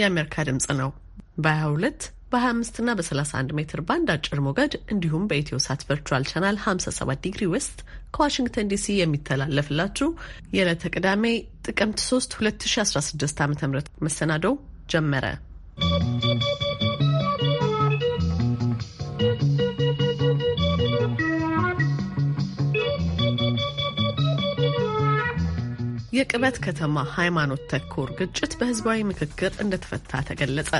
የአሜሪካ ድምጽ ነው በ22 በ25 እና በ31 ሜትር ባንድ አጭር ሞገድ እንዲሁም በኢትዮ ሳት ቨርቹዋል ቻናል 57 ዲግሪ ዌስት ከዋሽንግተን ዲሲ የሚተላለፍላችሁ የዕለተ ቅዳሜ ጥቅምት 3 2016 ዓ ም መሰናዶው ጀመረ። የቅበት ከተማ ሃይማኖት ተኮር ግጭት በህዝባዊ ምክክር እንደተፈታ ተገለጸ።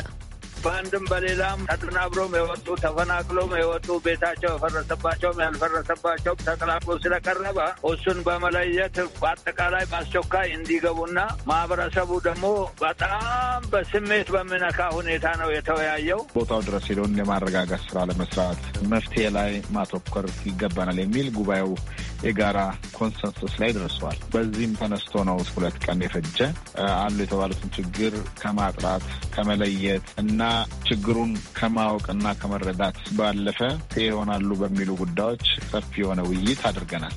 በአንድም በሌላም ተጠናብሮም የወጡ ተፈናቅሎም የወጡ ቤታቸው የፈረሰባቸውም ያልፈረሰባቸውም ተቀላቅሎ ስለቀረበ እሱን በመለየት በአጠቃላይ በአስቸኳይ እንዲገቡና ማህበረሰቡ ደግሞ በጣም በስሜት በሚነካ ሁኔታ ነው የተወያየው። ቦታው ድረስ ሄደውን የማረጋጋት ስራ ለመስራት መፍትሄ ላይ ማተኮር ይገባናል የሚል ጉባኤው የጋራ ኮንሰንሰስ ላይ ደርሰዋል። በዚህም ተነስቶ ነው ሁለት ቀን የፈጀ አሉ የተባሉትን ችግር ከማጥራት ከመለየት እና ችግሩን ከማወቅ ከመረዳት ባለፈ ይሆናሉ በሚሉ ጉዳዮች ሰፊ የሆነ ውይይት አድርገናል።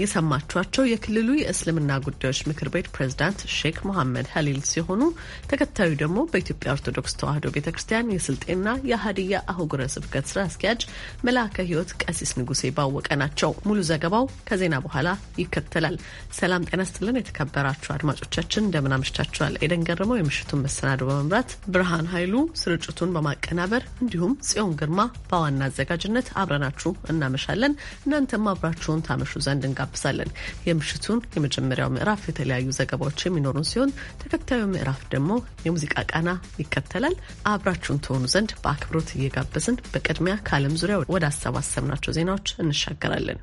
የሰማችኋቸው የክልሉ የእስልምና ጉዳዮች ምክር ቤት ፕሬዝዳንት ሼክ መሐመድ ሀሊል ሲሆኑ ተከታዩ ደግሞ በኢትዮጵያ ኦርቶዶክስ ተዋሕዶ ቤተ ክርስቲያን የስልጤና የሀዲያ አህጉረ ስብከት ስራ አስኪያጅ መልአከ ሕይወት ቀሲስ ንጉሴ ባወቀ ናቸው። ሙሉ ዘገባው ከዜና በኋላ ይከተላል። ሰላም ጤና ስትልን የተከበራችሁ አድማጮቻችን እንደምን አምሽታችኋል። ኤደን ገርመው የምሽቱን መሰናዶ በመምራት ብርሃን ኃይሉ ስርጭቱን በማቀናበር እንዲሁም ጽዮን ግርማ በዋና አዘጋጅነት አብረናችሁ እናመሻለን። እናንተም አብራችሁን ታመሹ ዘንድ እንጋብዛለን። የምሽቱን የመጀመሪያው ምዕራፍ የተለያዩ ዘገባዎች የሚኖሩን ሲሆን ተከታዩ ምዕራፍ ደግሞ የሙዚቃ ቃና ይከተላል። አብራችሁን ትሆኑ ዘንድ በአክብሮት እየጋበዝን በቅድሚያ ከዓለም ዙሪያ ወደ አሰባሰብናቸው ዜናዎች እንሻገራለን።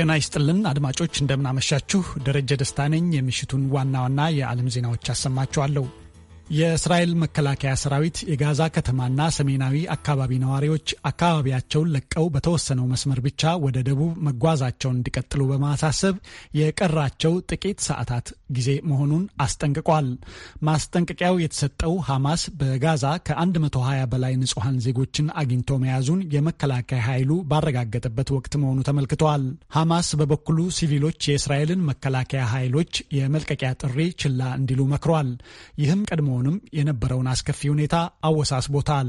ጤና ይስጥልን አድማጮች፣ እንደምናመሻችሁ። ደረጀ ደስታ ነኝ። የምሽቱን ዋና ዋና የዓለም ዜናዎች አሰማችኋለሁ። የእስራኤል መከላከያ ሰራዊት የጋዛ ከተማና ሰሜናዊ አካባቢ ነዋሪዎች አካባቢያቸውን ለቀው በተወሰነው መስመር ብቻ ወደ ደቡብ መጓዛቸውን እንዲቀጥሉ በማሳሰብ የቀራቸው ጥቂት ሰዓታት ጊዜ መሆኑን አስጠንቅቋል። ማስጠንቀቂያው የተሰጠው ሐማስ በጋዛ ከ120 በላይ ንጹሐን ዜጎችን አግኝቶ መያዙን የመከላከያ ኃይሉ ባረጋገጠበት ወቅት መሆኑ ተመልክተዋል። ሐማስ በበኩሉ ሲቪሎች የእስራኤልን መከላከያ ኃይሎች የመልቀቂያ ጥሪ ችላ እንዲሉ መክሯል። ይህም ቀድሞ አሁንም የነበረውን አስከፊ ሁኔታ አወሳስቦታል።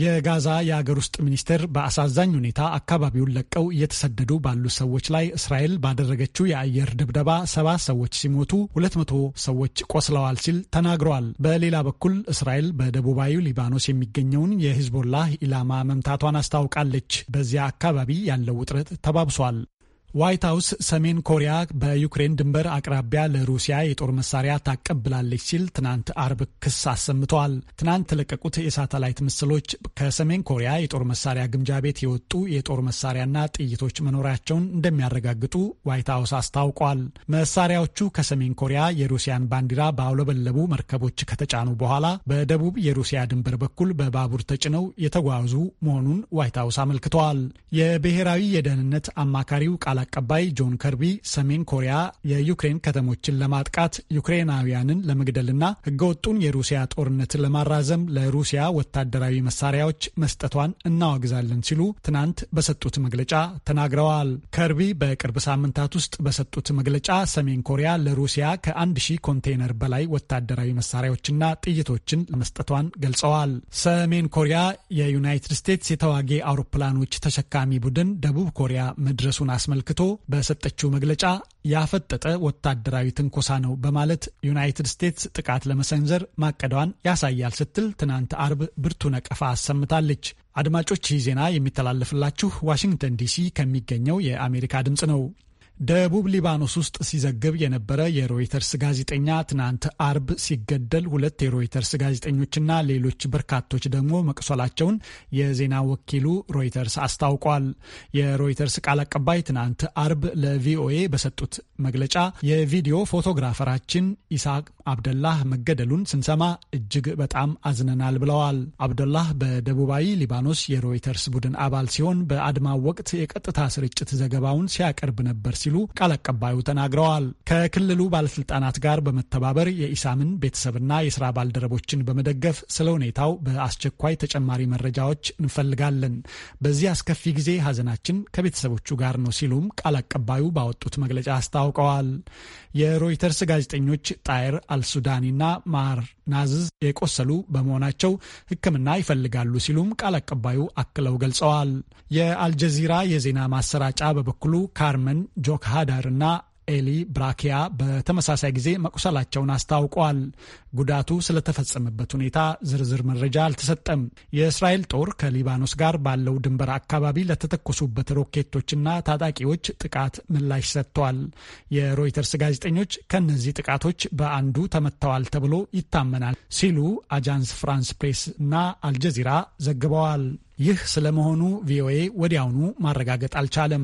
የጋዛ የአገር ውስጥ ሚኒስቴር በአሳዛኝ ሁኔታ አካባቢውን ለቀው እየተሰደዱ ባሉ ሰዎች ላይ እስራኤል ባደረገችው የአየር ድብደባ ሰባት ሰዎች ሲሞቱ ሁለት መቶ ሰዎች ቆስለዋል ሲል ተናግረዋል። በሌላ በኩል እስራኤል በደቡባዊ ሊባኖስ የሚገኘውን የሂዝቦላ ኢላማ መምታቷን አስታውቃለች። በዚያ አካባቢ ያለው ውጥረት ተባብሷል። ዋይት ሀውስ ሰሜን ኮሪያ በዩክሬን ድንበር አቅራቢያ ለሩሲያ የጦር መሳሪያ ታቀብላለች ሲል ትናንት አርብ ክስ አሰምተዋል። ትናንት የለቀቁት የሳተላይት ምስሎች ከሰሜን ኮሪያ የጦር መሳሪያ ግምጃ ቤት የወጡ የጦር መሳሪያና ጥይቶች መኖራቸውን እንደሚያረጋግጡ ዋይት ሀውስ አስታውቋል። መሳሪያዎቹ ከሰሜን ኮሪያ የሩሲያን ባንዲራ ባውለበለቡ መርከቦች ከተጫኑ በኋላ በደቡብ የሩሲያ ድንበር በኩል በባቡር ተጭነው የተጓዙ መሆኑን ዋይት ሀውስ አመልክተዋል። የብሔራዊ የደህንነት አማካሪው ቃል ቃል አቀባይ ጆን ከርቢ ሰሜን ኮሪያ የዩክሬን ከተሞችን ለማጥቃት ዩክሬናውያንን ለመግደልና ህገወጡን የሩሲያ ጦርነት ለማራዘም ለሩሲያ ወታደራዊ መሳሪያዎች መስጠቷን እናወግዛለን ሲሉ ትናንት በሰጡት መግለጫ ተናግረዋል። ከርቢ በቅርብ ሳምንታት ውስጥ በሰጡት መግለጫ ሰሜን ኮሪያ ለሩሲያ ከአንድ ሺህ ኮንቴይነር በላይ ወታደራዊ መሳሪያዎችና ጥይቶችን መስጠቷን ገልጸዋል። ሰሜን ኮሪያ የዩናይትድ ስቴትስ የተዋጊ አውሮፕላኖች ተሸካሚ ቡድን ደቡብ ኮሪያ መድረሱን አስመልክ አስመልክቶ በሰጠችው መግለጫ ያፈጠጠ ወታደራዊ ትንኮሳ ነው በማለት ዩናይትድ ስቴትስ ጥቃት ለመሰንዘር ማቀዷን ያሳያል ስትል ትናንት አርብ ብርቱ ነቀፋ አሰምታለች። አድማጮች ይህ ዜና የሚተላለፍላችሁ ዋሽንግተን ዲሲ ከሚገኘው የአሜሪካ ድምፅ ነው። ደቡብ ሊባኖስ ውስጥ ሲዘግብ የነበረ የሮይተርስ ጋዜጠኛ ትናንት አርብ ሲገደል ሁለት የሮይተርስ ጋዜጠኞችና ሌሎች በርካቶች ደግሞ መቁሰላቸውን የዜና ወኪሉ ሮይተርስ አስታውቋል። የሮይተርስ ቃል አቀባይ ትናንት አርብ ለቪኦኤ በሰጡት መግለጫ የቪዲዮ ፎቶግራፈራችን ኢስሐቅ አብደላህ መገደሉን ስንሰማ እጅግ በጣም አዝነናል ብለዋል። አብደላህ በደቡባዊ ሊባኖስ የሮይተርስ ቡድን አባል ሲሆን በአድማው ወቅት የቀጥታ ስርጭት ዘገባውን ሲያቀርብ ነበር ሲሉ ቃል አቀባዩ ተናግረዋል። ከክልሉ ባለስልጣናት ጋር በመተባበር የኢሳምን ቤተሰብና የስራ ባልደረቦችን በመደገፍ ስለ ሁኔታው በአስቸኳይ ተጨማሪ መረጃዎች እንፈልጋለን። በዚህ አስከፊ ጊዜ ሀዘናችን ከቤተሰቦቹ ጋር ነው ሲሉም ቃል አቀባዩ ባወጡት መግለጫ አስታውቀዋል። የሮይተርስ ጋዜጠኞች ጣይር አልሱዳኒና ማር ናዝዝ የቆሰሉ በመሆናቸው ሕክምና ይፈልጋሉ ሲሉም ቃል አቀባዩ አክለው ገልጸዋል። የአልጀዚራ የዜና ማሰራጫ በበኩሉ ካርመን ጆ ሄኖክ እና ኤሊ ብራኪያ በተመሳሳይ ጊዜ መቁሰላቸውን አስታውቋል። ጉዳቱ ስለተፈጸመበት ሁኔታ ዝርዝር መረጃ አልተሰጠም። የእስራኤል ጦር ከሊባኖስ ጋር ባለው ድንበር አካባቢ ለተተኮሱበት ሮኬቶችና ታጣቂዎች ጥቃት ምላሽ ሰጥቷል። የሮይተርስ ጋዜጠኞች ከእነዚህ ጥቃቶች በአንዱ ተመትተዋል ተብሎ ይታመናል ሲሉ አጃንስ ፍራንስ ፕሬስ እና አልጀዚራ ዘግበዋል። ይህ ስለመሆኑ ቪኦኤ ወዲያውኑ ማረጋገጥ አልቻለም።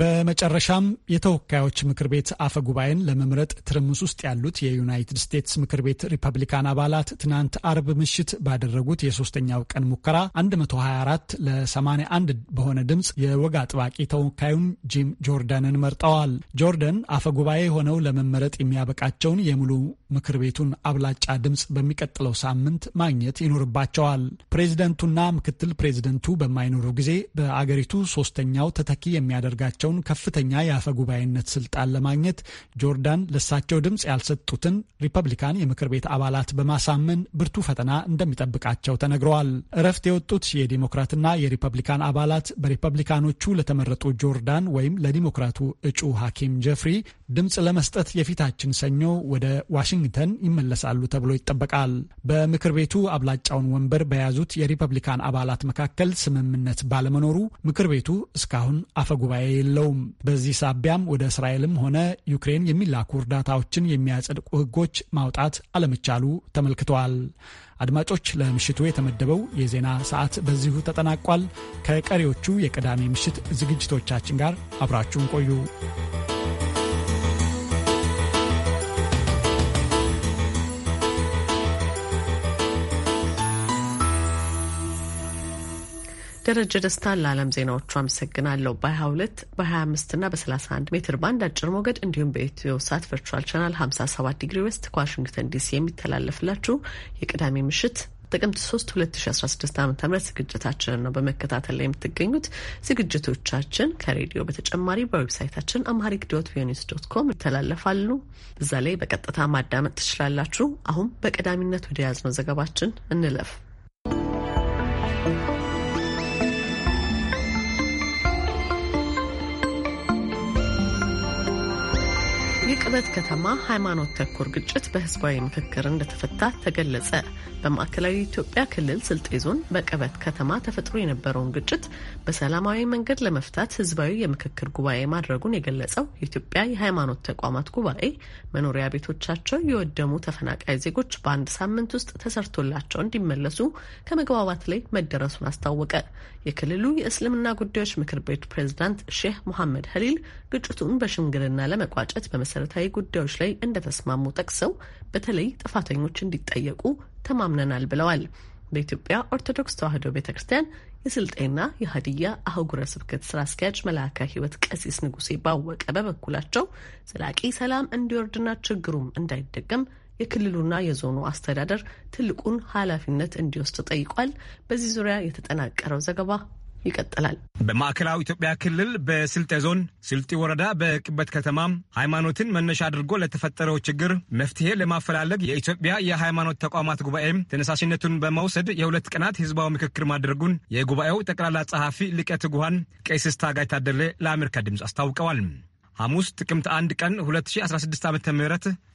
በመጨረሻም የተወካዮች ምክር ቤት አፈ ጉባኤን ለመምረጥ ትርምስ ውስጥ ያሉት የዩናይትድ ስቴትስ ምክር ቤት ሪፐብሊካን አባላት ትናንት አርብ ምሽት ባደረጉት የሶስተኛው ቀን ሙከራ 124 ለ81 በሆነ ድምፅ የወግ አጥባቂ ተወካዩን ጂም ጆርዳንን መርጠዋል። ጆርደን አፈ ጉባኤ ሆነው ለመመረጥ የሚያበቃቸውን የሙሉ ምክር ቤቱን አብላጫ ድምፅ በሚቀጥለው ሳምንት ማግኘት ይኖርባቸዋል። ፕሬዝደንቱና ምክትል ፕሬዝደንቱ በማይኖሩ ጊዜ በአገሪቱ ሶስተኛው ተተኪ የሚያደርጋቸው ያላቸውን ከፍተኛ የአፈ ጉባኤነት ስልጣን ለማግኘት ጆርዳን ለሳቸው ድምፅ ያልሰጡትን ሪፐብሊካን የምክር ቤት አባላት በማሳመን ብርቱ ፈተና እንደሚጠብቃቸው ተነግረዋል። እረፍት የወጡት የዲሞክራትና የሪፐብሊካን አባላት በሪፐብሊካኖቹ ለተመረጡ ጆርዳን ወይም ለዲሞክራቱ እጩ ሐኪም ጀፍሪ ድምፅ ለመስጠት የፊታችን ሰኞ ወደ ዋሽንግተን ይመለሳሉ ተብሎ ይጠበቃል። በምክር ቤቱ አብላጫውን ወንበር በያዙት የሪፐብሊካን አባላት መካከል ስምምነት ባለመኖሩ ምክር ቤቱ እስካሁን አፈጉባኤ የለውም። በዚህ ሳቢያም ወደ እስራኤልም ሆነ ዩክሬን የሚላኩ እርዳታዎችን የሚያጸድቁ ሕጎች ማውጣት አለመቻሉ ተመልክተዋል። አድማጮች፣ ለምሽቱ የተመደበው የዜና ሰዓት በዚሁ ተጠናቋል። ከቀሪዎቹ የቅዳሜ ምሽት ዝግጅቶቻችን ጋር አብራችሁን ቆዩ። ደረጀ ደስታን ለዓለም ዜናዎቹ አመሰግናለሁ። በ22 በ25 እና በ31 ሜትር ባንድ አጭር ሞገድ እንዲሁም በኢትዮ ሳት ቨርቹዋል ቻናል 57 ዲግሪ ዌስት ከዋሽንግተን ዲሲ የሚተላለፍላችሁ የቅዳሜ ምሽት ጥቅምት 3 2016 ዓ ም ዝግጅታችንን ነው በመከታተል ላይ የምትገኙት። ዝግጅቶቻችን ከሬዲዮ በተጨማሪ በዌብሳይታችን አምሃሪክ ዶት ቪኒስ ዶት ኮም ይተላለፋሉ። እዛ ላይ በቀጥታ ማዳመጥ ትችላላችሁ። አሁን በቀዳሚነት ወደ ያዝነው ዘገባችን እንለፍ። የቅበት ከተማ ሃይማኖት ተኮር ግጭት በህዝባዊ ምክክር እንደተፈታ ተገለጸ። በማዕከላዊ ኢትዮጵያ ክልል ስልጤ ዞን በቅበት ከተማ ተፈጥሮ የነበረውን ግጭት በሰላማዊ መንገድ ለመፍታት ህዝባዊ የምክክር ጉባኤ ማድረጉን የገለጸው የኢትዮጵያ የሃይማኖት ተቋማት ጉባኤ መኖሪያ ቤቶቻቸው የወደሙ ተፈናቃይ ዜጎች በአንድ ሳምንት ውስጥ ተሰርቶላቸው እንዲመለሱ ከመግባባት ላይ መደረሱን አስታወቀ። የክልሉ የእስልምና ጉዳዮች ምክር ቤት ፕሬዝዳንት ሼህ መሐመድ ሀሊል ግጭቱን በሽምግልና ለመቋጨት በመሰረታዊ ጉዳዮች ላይ እንደተስማሙ ጠቅሰው በተለይ ጥፋተኞች እንዲጠየቁ ተማምነናል ብለዋል። በኢትዮጵያ ኦርቶዶክስ ተዋሕዶ ቤተ ክርስቲያን የስልጤና የሀዲያ አህጉረ ስብከት ስራ አስኪያጅ መልአከ ሕይወት ቀሲስ ንጉሴ ባወቀ በበኩላቸው ዘላቂ ሰላም እንዲወርድና ችግሩም እንዳይደገም የክልሉና የዞኑ አስተዳደር ትልቁን ኃላፊነት እንዲወስድ ጠይቋል። በዚህ ዙሪያ የተጠናቀረው ዘገባ ይቀጥላል። በማዕከላዊ ኢትዮጵያ ክልል በስልጤ ዞን ስልጢ ወረዳ በቅበት ከተማ ሃይማኖትን መነሻ አድርጎ ለተፈጠረው ችግር መፍትሄ ለማፈላለግ የኢትዮጵያ የሃይማኖት ተቋማት ጉባኤ ተነሳሽነቱን በመውሰድ የሁለት ቀናት ህዝባዊ ምክክር ማድረጉን የጉባኤው ጠቅላላ ጸሐፊ ሊቀ ትጉሃን ቄስ ታጋይ ታደለ ለአሜሪካ ድምፅ አስታውቀዋል። ሐሙስ ጥቅምት 1 ቀን 2016 ዓ ም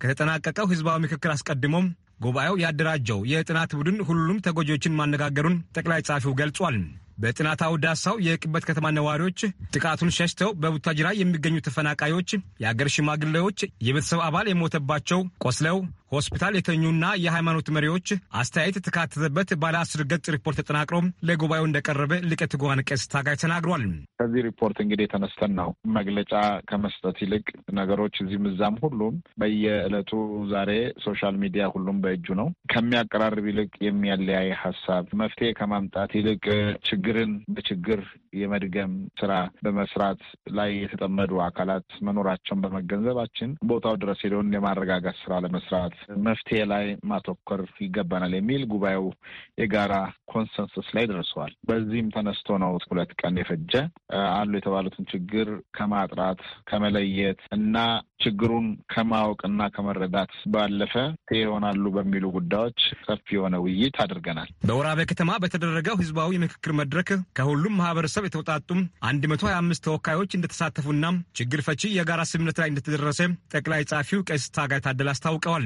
ከተጠናቀቀው ህዝባዊ ምክክር አስቀድሞ ጉባኤው ያደራጀው የጥናት ቡድን ሁሉም ተጎጂዎችን ማነጋገሩን ጠቅላይ ጸሐፊው ገልጿል። በጥናት አውዳሳው የቅበት ከተማ ነዋሪዎች ጥቃቱን ሸሽተው በቡታጅራ የሚገኙ ተፈናቃዮች፣ የአገር ሽማግሌዎች፣ የቤተሰብ አባል የሞተባቸው ቆስለው ሆስፒታል የተኙና የሃይማኖት መሪዎች አስተያየት የተካተተበት ባለ አስር ገጽ ሪፖርት ተጠናቅሮ ለጉባኤው እንደቀረበ ሊቀ ትጉሃን ቄስ ታጋይ ተናግሯል። ከዚህ ሪፖርት እንግዲህ የተነስተን ነው መግለጫ ከመስጠት ይልቅ ነገሮች እዚህም እዛም ሁሉም በየዕለቱ ዛሬ ሶሻል ሚዲያ ሁሉም በእጁ ነው። ከሚያቀራርብ ይልቅ የሚያለያይ ሀሳብ መፍትሄ ከማምጣት ይልቅ ችግርን በችግር የመድገም ስራ በመስራት ላይ የተጠመዱ አካላት መኖራቸውን በመገንዘባችን ቦታው ድረስ ሄደውን የማረጋጋት ስራ ለመስራት መፍትሄ ላይ ማተኮር ይገባናል የሚል ጉባኤው የጋራ ኮንሰንሰስ ላይ ደርሰዋል። በዚህም ተነስቶ ነው ሁለት ቀን የፈጀ አሉ የተባሉትን ችግር ከማጥራት ከመለየት እና ችግሩን ከማወቅ እና ከመረዳት ባለፈ ይሆናሉ በሚሉ ጉዳዮች ሰፊ የሆነ ውይይት አድርገናል። በወራቤ ከተማ በተደረገው ህዝባዊ የምክክር መድረክ ከሁሉም ማህበረሰብ የተውጣጡም 125 ተወካዮች እንደተሳተፉና ችግር ፈቺ የጋራ ስምምነት ላይ እንደተደረሰ ጠቅላይ ጸሐፊው ቄስ ታጋይ ታደለ አስታውቀዋል።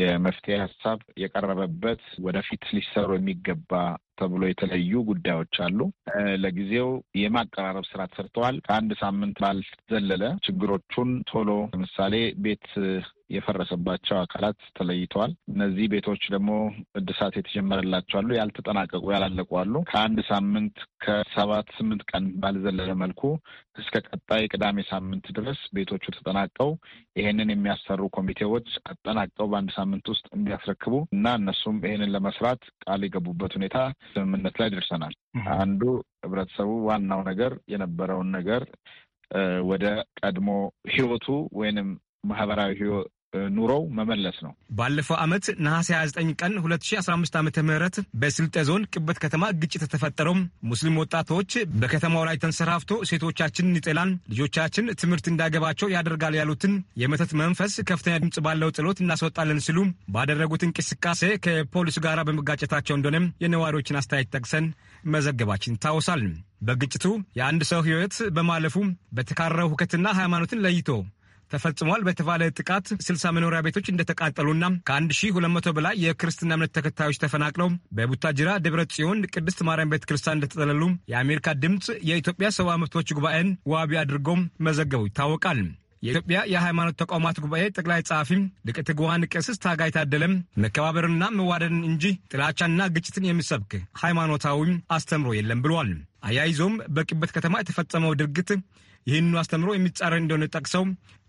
የመፍትሄ ሀሳብ የቀረበበት ወደፊት ሊሰሩ የሚገባ ተብሎ የተለዩ ጉዳዮች አሉ። ለጊዜው የማቀራረብ ስራ ተሰርተዋል። ከአንድ ሳምንት ባልዘለለ ችግሮቹን ቶሎ ለምሳሌ ቤት የፈረሰባቸው አካላት ተለይተዋል። እነዚህ ቤቶች ደግሞ እድሳት የተጀመረላቸው አሉ፣ ያልተጠናቀቁ ያላለቁ አሉ። ከአንድ ሳምንት ከሰባት ስምንት ቀን ባልዘለለ መልኩ እስከ ቀጣይ ቅዳሜ ሳምንት ድረስ ቤቶቹ ተጠናቀው ይሄንን የሚያሰሩ ኮሚቴዎች አጠናቀው በአንድ ሳምንት ውስጥ እንዲያስረክቡ እና እነሱም ይህንን ለመስራት ቃል የገቡበት ሁኔታ ስምምነት ላይ ደርሰናል። አንዱ ህብረተሰቡ ዋናው ነገር የነበረውን ነገር ወደ ቀድሞ ህይወቱ ወይንም ማህበራዊ ኑሮው መመለስ ነው። ባለፈው ዓመት ነሐሴ 29 ቀን 2015 ዓ ም በስልጤ ዞን ቅበት ከተማ ግጭት የተፈጠረው ሙስሊም ወጣቶች በከተማው ላይ ተንሰራፍቶ ሴቶቻችን ይጥላል፣ ልጆቻችን ትምህርት እንዳገባቸው ያደርጋል ያሉትን የመተት መንፈስ ከፍተኛ ድምፅ ባለው ጥሎት እናስወጣለን ሲሉ ባደረጉት እንቅስቃሴ ከፖሊሱ ጋር በመጋጨታቸው እንደሆነ የነዋሪዎችን አስተያየት ጠቅሰን መዘገባችን ይታወሳል። በግጭቱ የአንድ ሰው ሕይወት በማለፉ በተካረው ሁከትና ሃይማኖትን ለይቶ ተፈጽሟል በተባለ ጥቃት 60 መኖሪያ ቤቶች እንደተቃጠሉና ከ1200 በላይ የክርስትና እምነት ተከታዮች ተፈናቅለው በቡታጅራ ደብረ ጽዮን ቅድስት ማርያም ቤተ ክርስቲያን እንደተጠለሉ የአሜሪካ ድምፅ የኢትዮጵያ ሰብአዊ መብቶች ጉባኤን ዋቢ አድርጎ መዘገቡ ይታወቃል። የኢትዮጵያ የሃይማኖት ተቋማት ጉባኤ ጠቅላይ ጸሐፊ ሊቀ ትጉሃን ቀሲስ ታጋይ ታደለም መከባበርንና መዋደድን እንጂ ጥላቻና ግጭትን የሚሰብክ ሃይማኖታዊ አስተምሮ የለም ብሏል። አያይዞም በቅበት ከተማ የተፈጸመው ድርጊት ይህንኑ አስተምሮ የሚጻረን እንደሆነ ጠቅሰው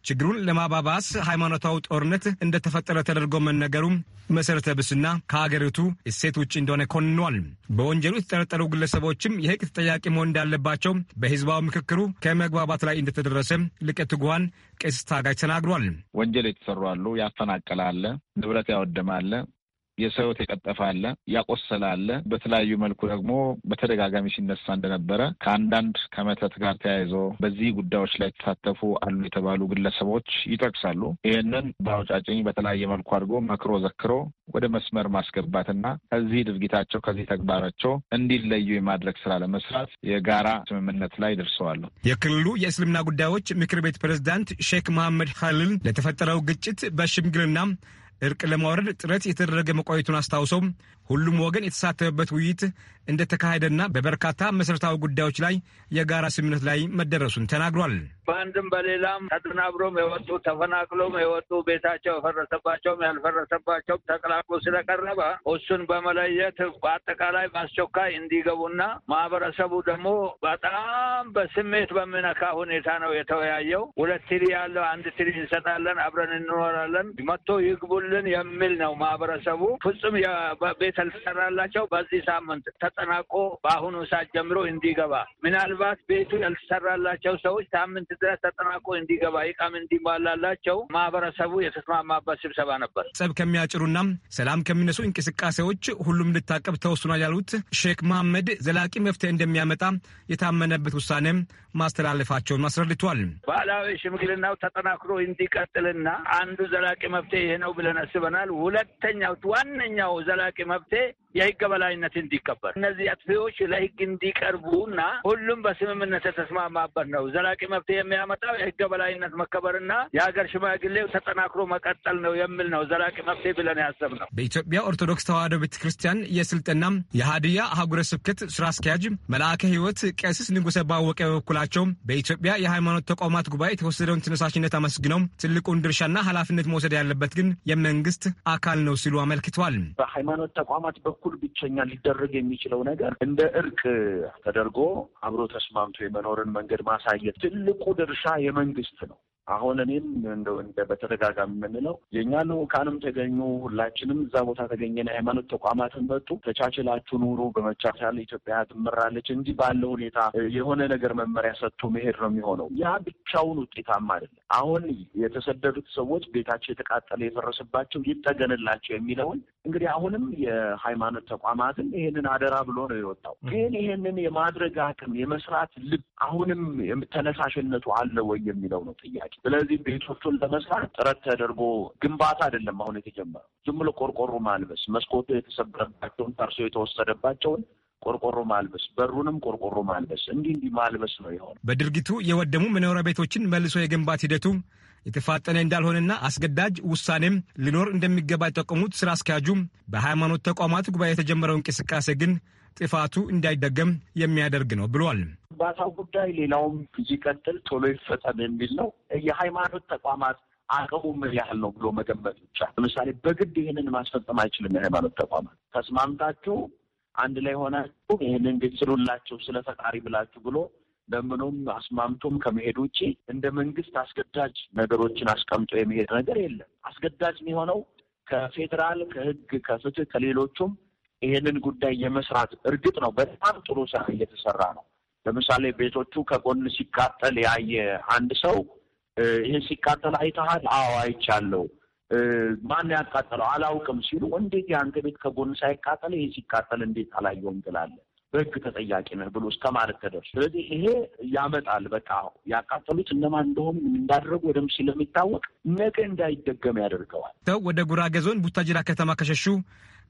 ችግሩን ለማባባስ ሃይማኖታዊ ጦርነት እንደተፈጠረ ተደርጎ መነገሩም መሠረተ ብስና ከአገሪቱ እሴት ውጭ እንደሆነ ኮንኗል። በወንጀሉ የተጠረጠሩ ግለሰቦችም የህግ ተጠያቂ መሆን እንዳለባቸው በህዝባዊ ምክክሩ ከመግባባት ላይ እንደተደረሰ ልቀ ትጉሃን ቄስ ታጋጅ ተናግሯል። ወንጀል የተሰሩ አሉ፣ ያፈናቀላለ፣ ንብረት ያወደማለ፣ የሰው የቀጠፈ አለ፣ ያቆሰለ አለ። በተለያዩ መልኩ ደግሞ በተደጋጋሚ ሲነሳ እንደነበረ ከአንዳንድ ከመተት ጋር ተያይዞ በዚህ ጉዳዮች ላይ የተሳተፉ አሉ የተባሉ ግለሰቦች ይጠቅሳሉ። ይህንን በአውጫጭኝ በተለያየ መልኩ አድርጎ መክሮ ዘክሮ ወደ መስመር ማስገባትና ከዚህ ድርጊታቸው ከዚህ ተግባራቸው እንዲለዩ የማድረግ ስራ ለመስራት የጋራ ስምምነት ላይ ደርሰዋሉ። የክልሉ የእስልምና ጉዳዮች ምክር ቤት ፕሬዝዳንት ሼክ መሐመድ ሀልል ለተፈጠረው ግጭት በሽምግልና እርቅ ለማውረድ ጥረት የተደረገ መቆየቱን አስታውሰው ሁሉም ወገን የተሳተፈበት ውይይት እንደተካሄደና በበርካታ መሠረታዊ ጉዳዮች ላይ የጋራ ስምምነት ላይ መደረሱን ተናግሯል። በአንድም በሌላም ተደናብሮም የወጡ ተፈናቅሎም የወጡ ቤታቸው የፈረሰባቸውም ያልፈረሰባቸውም ተቀላቅሎ ስለቀረበ እሱን በመለየት በአጠቃላይ በአስቸኳይ እንዲገቡና ማህበረሰቡ ደግሞ በጣም በስሜት በሚነካ ሁኔታ ነው የተወያየው። ሁለት ትሪ ያለው አንድ ትሪ እንሰጣለን፣ አብረን እንኖራለን፣ መጥቶ ይግቡልን የሚል ነው ማህበረሰቡ ፍጹም ሰልፍ በዚህ ሳምንት ተጠናቆ በአሁኑ ሰዓት ጀምሮ እንዲገባ ምናልባት ቤቱ ያልተሰራላቸው ሰዎች ሳምንት ድረስ ተጠናቆ እንዲገባ ይቃም እንዲሟላላቸው ማህበረሰቡ የተስማማበት ስብሰባ ነበር። ጸብ ከሚያጭሩና ሰላም ከሚነሱ እንቅስቃሴዎች ሁሉም ልታቀብ ተወስኗል ያሉት ሼክ መሐመድ ዘላቂ መፍትሄ እንደሚያመጣ የታመነበት ውሳኔ ማስተላለፋቸውን አስረድቷል። ባህላዊ ሽምግልናው ተጠናክሮ እንዲቀጥልና አንዱ ዘላቂ መፍትሄ ይሄ ነው ብለን አስበናል። ሁለተኛው ዋነኛው ዘላቂ से የህግ በላይነት እንዲከበር እነዚህ አጥፊዎች ለህግ እንዲቀርቡና ሁሉም በስምምነት የተስማማበት ነው። ዘላቂ መፍትሄ የሚያመጣው የህግ በላይነት መከበር እና የሀገር ሽማግሌው ተጠናክሮ መቀጠል ነው የሚል ነው ዘላቂ መፍትሄ ብለን ያሰብ ነው። በኢትዮጵያ ኦርቶዶክስ ተዋሕዶ ቤተ ክርስቲያን የስልጠና የሀዲያ አህጉረ ስብከት ስራ አስኪያጅ መልአከ ህይወት ቀሲስ ንጉሰ ባወቀ በበኩላቸው በኢትዮጵያ የሃይማኖት ተቋማት ጉባኤ የተወሰደውን ተነሳሽነት አመስግነው ትልቁን ድርሻና ኃላፊነት መውሰድ ያለበት ግን የመንግስት አካል ነው ሲሉ አመልክተዋል። በሃይማኖት ተቋማት በኩል ብቸኛ ሊደረግ የሚችለው ነገር እንደ እርቅ ተደርጎ አብሮ ተስማምቶ የመኖርን መንገድ ማሳየት ትልቁ ድርሻ የመንግስት ነው። አሁን እኔም እንደው በተደጋጋሚ የምንለው የእኛ ልኡካንም ተገኙ፣ ሁላችንም እዛ ቦታ ተገኘን፣ ሃይማኖት ተቋማትን መጡ፣ ተቻችላችሁ ኑሩ፣ በመቻቻል ኢትዮጵያ ትመራለች እንጂ ባለ ሁኔታ የሆነ ነገር መመሪያ ሰጥቶ መሄድ ነው የሚሆነው። ያ ብቻውን ውጤታማ አይደለም። አሁን የተሰደዱት ሰዎች ቤታቸው የተቃጠለ የፈረሰባቸው ይጠገንላቸው የሚለውን እንግዲህ አሁንም የሃይማኖት ተቋማትን ይሄንን አደራ ብሎ ነው የወጣው። ግን ይሄንን የማድረግ አቅም የመስራት ልብ አሁንም ተነሳሽነቱ አለ ወይ የሚለው ነው ጥያቄ። አለባቸው። ስለዚህ ቤቶቹን ለመስራት ጥረት ተደርጎ ግንባታ አይደለም አሁን የተጀመረው። ዝም ብሎ ቆርቆሮ ማልበስ፣ መስኮቱ የተሰበረባቸውን ተርሶ የተወሰደባቸውን ቆርቆሮ ማልበስ፣ በሩንም ቆርቆሮ ማልበስ፣ እንዲህ እንዲህ ማልበስ ነው የሆነ። በድርጊቱ የወደሙ መኖሪያ ቤቶችን መልሶ የግንባት ሂደቱ የተፋጠነ እንዳልሆነና አስገዳጅ ውሳኔም ሊኖር እንደሚገባ የጠቆሙት ስራ አስኪያጁ በሃይማኖት ተቋማት ጉባኤ የተጀመረው እንቅስቃሴ ግን ጥፋቱ እንዳይደገም የሚያደርግ ነው ብሏል። ባሳው ጉዳይ ሌላውም ይቀጥል ቶሎ ይፈጸም የሚል ነው። የሃይማኖት ተቋማት አቅሙ ምን ያህል ነው ብሎ መገመት ብቻ። ለምሳሌ በግድ ይህንን ማስፈጸም አይችልም። የሃይማኖት ተቋማት ተስማምታችሁ አንድ ላይ ሆናችሁ ይህንን ቤት ስሉላቸው ስለ ፈጣሪ ብላችሁ ብሎ ለምኖም አስማምቶም ከመሄድ ውጭ እንደ መንግስት አስገዳጅ ነገሮችን አስቀምጦ የመሄድ ነገር የለም። አስገዳጅ የሚሆነው ከፌዴራል ከህግ፣ ከፍትህ፣ ከሌሎቹም ይሄንን ጉዳይ የመስራት እርግጥ ነው በጣም ጥሩ ስራ እየተሰራ ነው። ለምሳሌ ቤቶቹ ከጎን ሲቃጠል ያየ አንድ ሰው ይሄ ሲቃጠል አይተሃል? አዎ አይቻለሁ። ማን ያቃጠለው አላውቅም ሲሉ እንዴት የአንተ ቤት ከጎን ሳይቃጠል ይሄ ሲቃጠል እንዴት አላየውም ትላለህ? በህግ ተጠያቂ ነህ ብሎ እስከ ማለት ተደርሶ ስለዚህ ይሄ ያመጣል። በቃ ያቃጠሉት እነማን እንደሆኑ እንዳደረጉ ወደም ስለሚታወቅ ነገ እንዳይደገም ያደርገዋል። ሰው ወደ ጉራጌ ዞን ቡታጅራ ከተማ ከሸሹ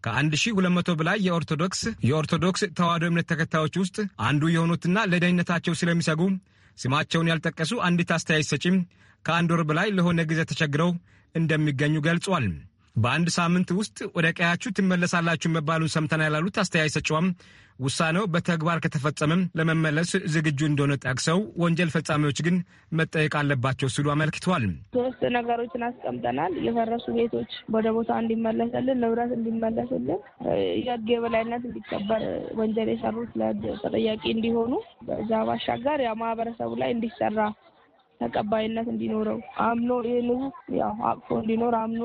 ከ1200 በላይ የኦርቶዶክስ የኦርቶዶክስ ተዋሕዶ እምነት ተከታዮች ውስጥ አንዱ የሆኑትና ለደህንነታቸው ስለሚሰጉ ስማቸውን ያልጠቀሱ አንዲት አስተያየት ሰጪም ከአንድ ወር በላይ ለሆነ ጊዜ ተቸግረው እንደሚገኙ ገልጿል። በአንድ ሳምንት ውስጥ ወደ ቀያችሁ ትመለሳላችሁ መባሉን ሰምተናል ያላሉት አስተያየት ሰጫዋም ውሳኔው በተግባር ከተፈጸመም ለመመለስ ዝግጁ እንደሆነ ጠቅሰው ወንጀል ፈጻሚዎች ግን መጠየቅ አለባቸው ሲሉ አመልክተዋል። ሶስት ነገሮችን አስቀምጠናል። የፈረሱ ቤቶች ወደ ቦታ እንዲመለስልን፣ ንብረት እንዲመለስልን፣ የህግ የበላይነት እንዲከበር፣ ወንጀል የሰሩት ለህግ ተጠያቂ እንዲሆኑ፣ በዛ ባሻገር ማህበረሰቡ ላይ እንዲሰራ ተቀባይነት እንዲኖረው አምኖ ይህን ያው አቅፎ እንዲኖር አምኖ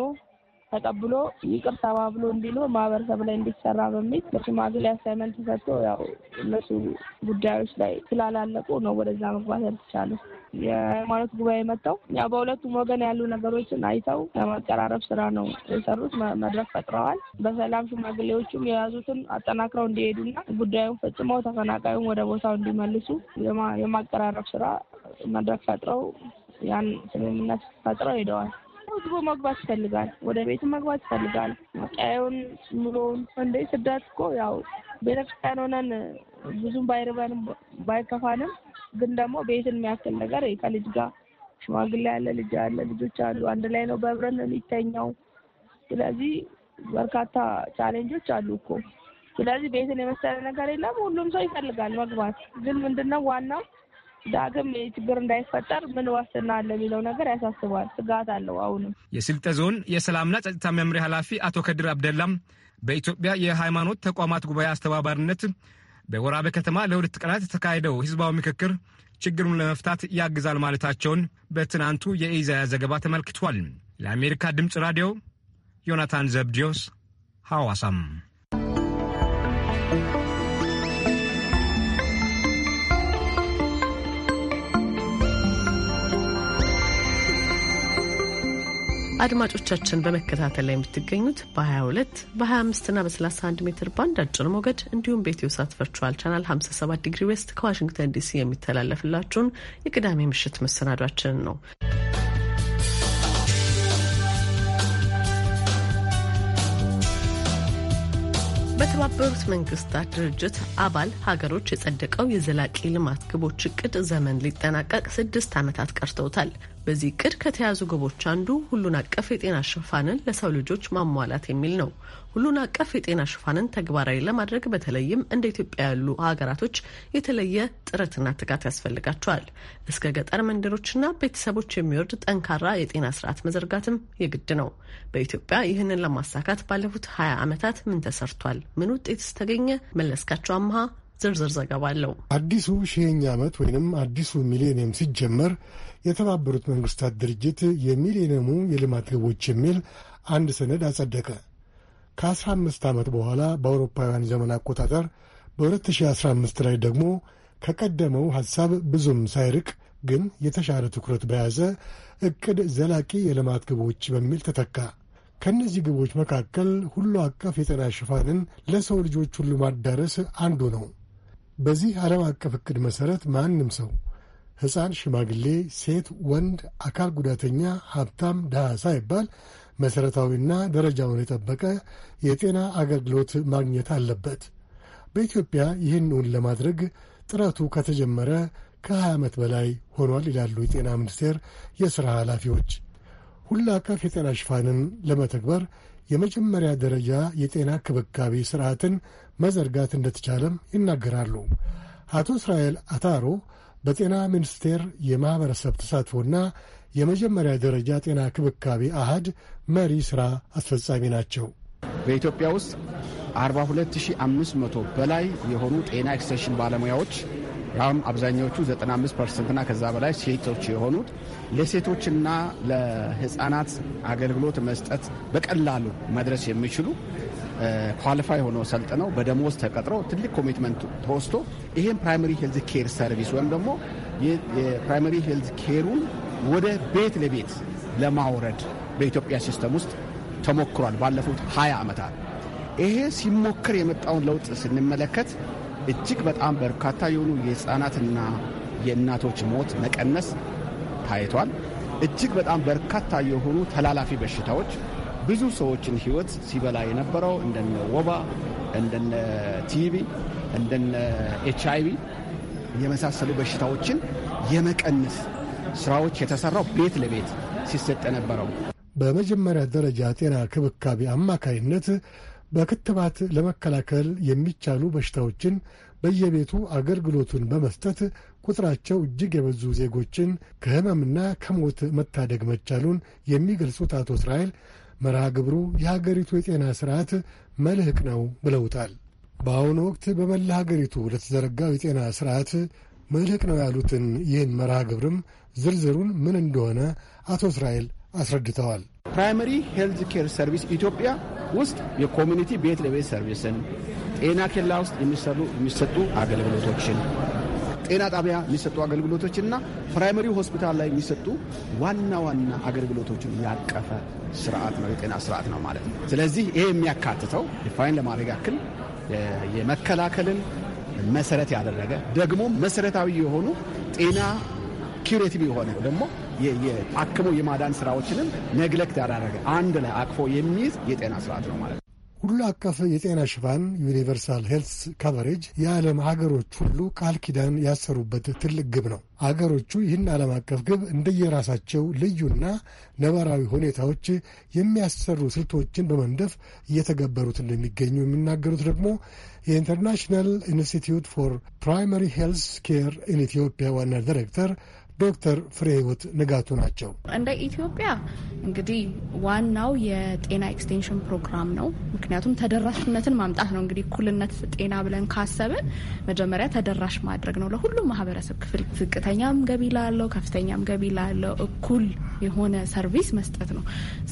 ተቀብሎ ይቅር ተባብሎ እንዲኖር ማህበረሰብ ላይ እንዲሰራ በሚል በሽማግሌ አሳይመንት ተሰጥቶ ያው እነሱ ጉዳዮች ላይ ስላላለቁ ነው ወደዛ መግባት ያልተቻለው። የሃይማኖት ጉባኤ መጥተው ያው በሁለቱም ወገን ያሉ ነገሮችን አይተው ለማቀራረብ ስራ ነው የሰሩት። መድረክ ፈጥረዋል። በሰላም ሽማግሌዎቹም የያዙትን አጠናክረው እንዲሄዱና ጉዳዩን ፈጽመው ተፈናቃዩን ወደ ቦታው እንዲመልሱ የማቀራረብ ስራ መድረክ ፈጥረው ያን ስምምነት ፈጥረው ሄደዋል። ህዝቡ መግባት ይፈልጋል፣ ወደ ቤቱ መግባት ይፈልጋል። ቀየውን ምሎውን እንደ ስደት እኮ ያው ቤተክርስቲያን ሆነን ብዙም ባይርበንም ባይከፋንም ግን ደግሞ ቤትን የሚያክል ነገር ከልጅ ጋር ሽማግሌ ያለ ልጅ ያለ ልጆች አሉ። አንድ ላይ ነው በብረን የሚተኛው። ስለዚህ በርካታ ቻሌንጆች አሉ እኮ። ስለዚህ ቤትን የመሰለ ነገር የለም። ሁሉም ሰው ይፈልጋል መግባት። ግን ምንድነው ዋናው ዳግም ችግር እንዳይፈጠር ምን ዋስትና አለ የሚለው ነገር ያሳስባል። ስጋት አለው። አሁንም የስልጠ ዞን የሰላምና ጸጥታ መምሪያ ኃላፊ አቶ ከድር አብደላም በኢትዮጵያ የሃይማኖት ተቋማት ጉባኤ አስተባባሪነት በወራቤ ከተማ ለሁለት ቀናት የተካሄደው ህዝባዊ ምክክር ችግሩን ለመፍታት ያግዛል ማለታቸውን በትናንቱ የኢዛያ ዘገባ ተመልክቷል። ለአሜሪካ ድምፅ ራዲዮ ዮናታን ዘብዲዮስ ሐዋሳም አድማጮቻችን በመከታተል ላይ የምትገኙት በ22 በ25ና በ31 ሜትር ባንድ አጭር ሞገድ እንዲሁም በኢትዮ ሳት ቨርቹዋል ቻናል 57 ዲግሪ ዌስት ከዋሽንግተን ዲሲ የሚተላለፍላችሁን የቅዳሜ ምሽት መሰናዷችንን ነው። በተባበሩት መንግስታት ድርጅት አባል ሀገሮች የጸደቀው የዘላቂ ልማት ግቦች እቅድ ዘመን ሊጠናቀቅ ስድስት ዓመታት ቀርተውታል። በዚህ እቅድ ከተያዙ ግቦች አንዱ ሁሉን አቀፍ የጤና ሽፋንን ለሰው ልጆች ማሟላት የሚል ነው። ሁሉን አቀፍ የጤና ሽፋንን ተግባራዊ ለማድረግ በተለይም እንደ ኢትዮጵያ ያሉ ሀገራቶች የተለየ ጥረትና ትጋት ያስፈልጋቸዋል። እስከ ገጠር መንደሮችና ቤተሰቦች የሚወርድ ጠንካራ የጤና ስርዓት መዘርጋትም የግድ ነው። በኢትዮጵያ ይህንን ለማሳካት ባለፉት ሀያ ዓመታት ምን ተሰርቷል? ምን ውጤትስ ተገኘ? መለስካቸው አምሃ ዝርዝር ዘገባ አለው። አዲሱ ሺህኛ ዓመት ወይንም አዲሱ ሚሌኒየም ሲጀመር የተባበሩት መንግስታት ድርጅት የሚሌኒየሙ የልማት ግቦች የሚል አንድ ሰነድ አጸደቀ። ከ ከ15 ዓመት በኋላ በአውሮፓውያን ዘመን አቆጣጠር በ2015 ላይ ደግሞ ከቀደመው ሐሳብ ብዙም ሳይርቅ ግን የተሻለ ትኩረት በያዘ ዕቅድ ዘላቂ የልማት ግቦች በሚል ተተካ። ከእነዚህ ግቦች መካከል ሁሉ አቀፍ የጤና ሽፋንን ለሰው ልጆች ሁሉ ማዳረስ አንዱ ነው። በዚህ ዓለም አቀፍ ዕቅድ መሠረት ማንም ሰው ሕፃን፣ ሽማግሌ፣ ሴት፣ ወንድ፣ አካል ጉዳተኛ፣ ሀብታም፣ ድሃ ሳይባል መሠረታዊና ደረጃውን የጠበቀ የጤና አገልግሎት ማግኘት አለበት። በኢትዮጵያ ይህን እውን ለማድረግ ጥረቱ ከተጀመረ ከ20 ዓመት በላይ ሆኗል ይላሉ የጤና ሚኒስቴር የሥራ ኃላፊዎች። ሁሉ አቀፍ የጤና ሽፋንን ለመተግበር የመጀመሪያ ደረጃ የጤና ክብካቤ ሥርዓትን መዘርጋት እንደተቻለም ይናገራሉ። አቶ እስራኤል አታሮ በጤና ሚኒስቴር የማኅበረሰብ ተሳትፎና የመጀመሪያ ደረጃ ጤና ክብካቤ አህድ መሪ ሥራ አስፈጻሚ ናቸው። በኢትዮጵያ ውስጥ 42500 በላይ የሆኑ ጤና ኤክስቴንሽን ባለሙያዎች ያም አብዛኛዎቹ 95 ፐርሰንትና ከዛ በላይ ሴቶች የሆኑት ለሴቶችና ለሕፃናት አገልግሎት መስጠት በቀላሉ መድረስ የሚችሉ ኳሊፋይ ሆኖ ሰልጥነው በደሞዝ ተቀጥረው ትልቅ ኮሚትመንት ተወስቶ ይሄን ፕራይመሪ ሄልዝ ኬር ሰርቪስ ወይም ደግሞ የፕራይመሪ ሄልዝ ኬሩን ወደ ቤት ለቤት ለማውረድ በኢትዮጵያ ሲስተም ውስጥ ተሞክሯል ባለፉት 20 ዓመታት። ይሄ ሲሞክር የመጣውን ለውጥ ስንመለከት እጅግ በጣም በርካታ የሆኑ የህፃናትና የእናቶች ሞት መቀነስ ታይቷል። እጅግ በጣም በርካታ የሆኑ ተላላፊ በሽታዎች ብዙ ሰዎችን ህይወት ሲበላ የነበረው እንደነ ወባ፣ እንደነ ቲቪ፣ እንደነ ኤች ቪ የመሳሰሉ በሽታዎችን የመቀነስ ስራዎች የተሰራው ቤት ለቤት ሲሰጥ የነበረው በመጀመሪያ ደረጃ ጤና ክብካቤ አማካይነት በክትባት ለመከላከል የሚቻሉ በሽታዎችን በየቤቱ አገልግሎቱን በመስጠት ቁጥራቸው እጅግ የበዙ ዜጎችን ከህመምና ከሞት መታደግ መቻሉን የሚገልጹት አቶ እስራኤል መርሃ ግብሩ የሀገሪቱ የጤና ስርዓት መልህቅ ነው ብለውታል። በአሁኑ ወቅት በመላ ሀገሪቱ ለተዘረጋው የጤና ስርዓት መልህቅ ነው ያሉትን ይህን መርሃ ግብርም ዝርዝሩን ምን እንደሆነ አቶ እስራኤል አስረድተዋል። ፕራይመሪ ሄልት ኬር ሰርቪስ ኢትዮጵያ ውስጥ የኮሚኒቲ ቤት ለቤት ሰርቪስን፣ ጤና ኬላ ውስጥ የሚሰሩ የሚሰጡ አገልግሎቶችን ጤና ጣቢያ የሚሰጡ አገልግሎቶችና ፕራይመሪ ሆስፒታል ላይ የሚሰጡ ዋና ዋና አገልግሎቶችን ያቀፈ ስርዓት ነው፣ የጤና ስርዓት ነው ማለት ነው። ስለዚህ ይሄ የሚያካትተው ዲፋይን ለማድረግ ያክል የመከላከልን መሰረት ያደረገ ደግሞ መሰረታዊ የሆኑ ጤና ኪሬቲቭ የሆነ ደግሞ አክሞ የማዳን ስራዎችንም ነግለክት ያዳረገ አንድ ላይ አቅፎ የሚይዝ የጤና ስርዓት ነው ማለት ነው። ሁሉ አቀፍ የጤና ሽፋን ዩኒቨርሳል ሄልስ ካቨሬጅ የዓለም ሀገሮች ሁሉ ቃል ኪዳን ያሰሩበት ትልቅ ግብ ነው። አገሮቹ ይህን ዓለም አቀፍ ግብ እንደየራሳቸው ልዩና ነባራዊ ሁኔታዎች የሚያሰሩ ስልቶችን በመንደፍ እየተገበሩት እንደሚገኙ የሚናገሩት ደግሞ የኢንተርናሽናል ኢንስቲትዩት ፎር ፕራይመሪ ሄልስ ኬር ኢን ኢትዮጵያ ዋና ዲሬክተር ዶክተር ፍሬህይወት ንጋቱ ናቸው። እንደ ኢትዮጵያ እንግዲህ ዋናው የጤና ኤክስቴንሽን ፕሮግራም ነው። ምክንያቱም ተደራሽነትን ማምጣት ነው። እንግዲህ እኩልነት ጤና ብለን ካሰብን መጀመሪያ ተደራሽ ማድረግ ነው ለሁሉም ማህበረሰብ ክፍል፣ ዝቅተኛም ገቢ ላለው፣ ከፍተኛም ገቢ ላለው እኩል የሆነ ሰርቪስ መስጠት ነው።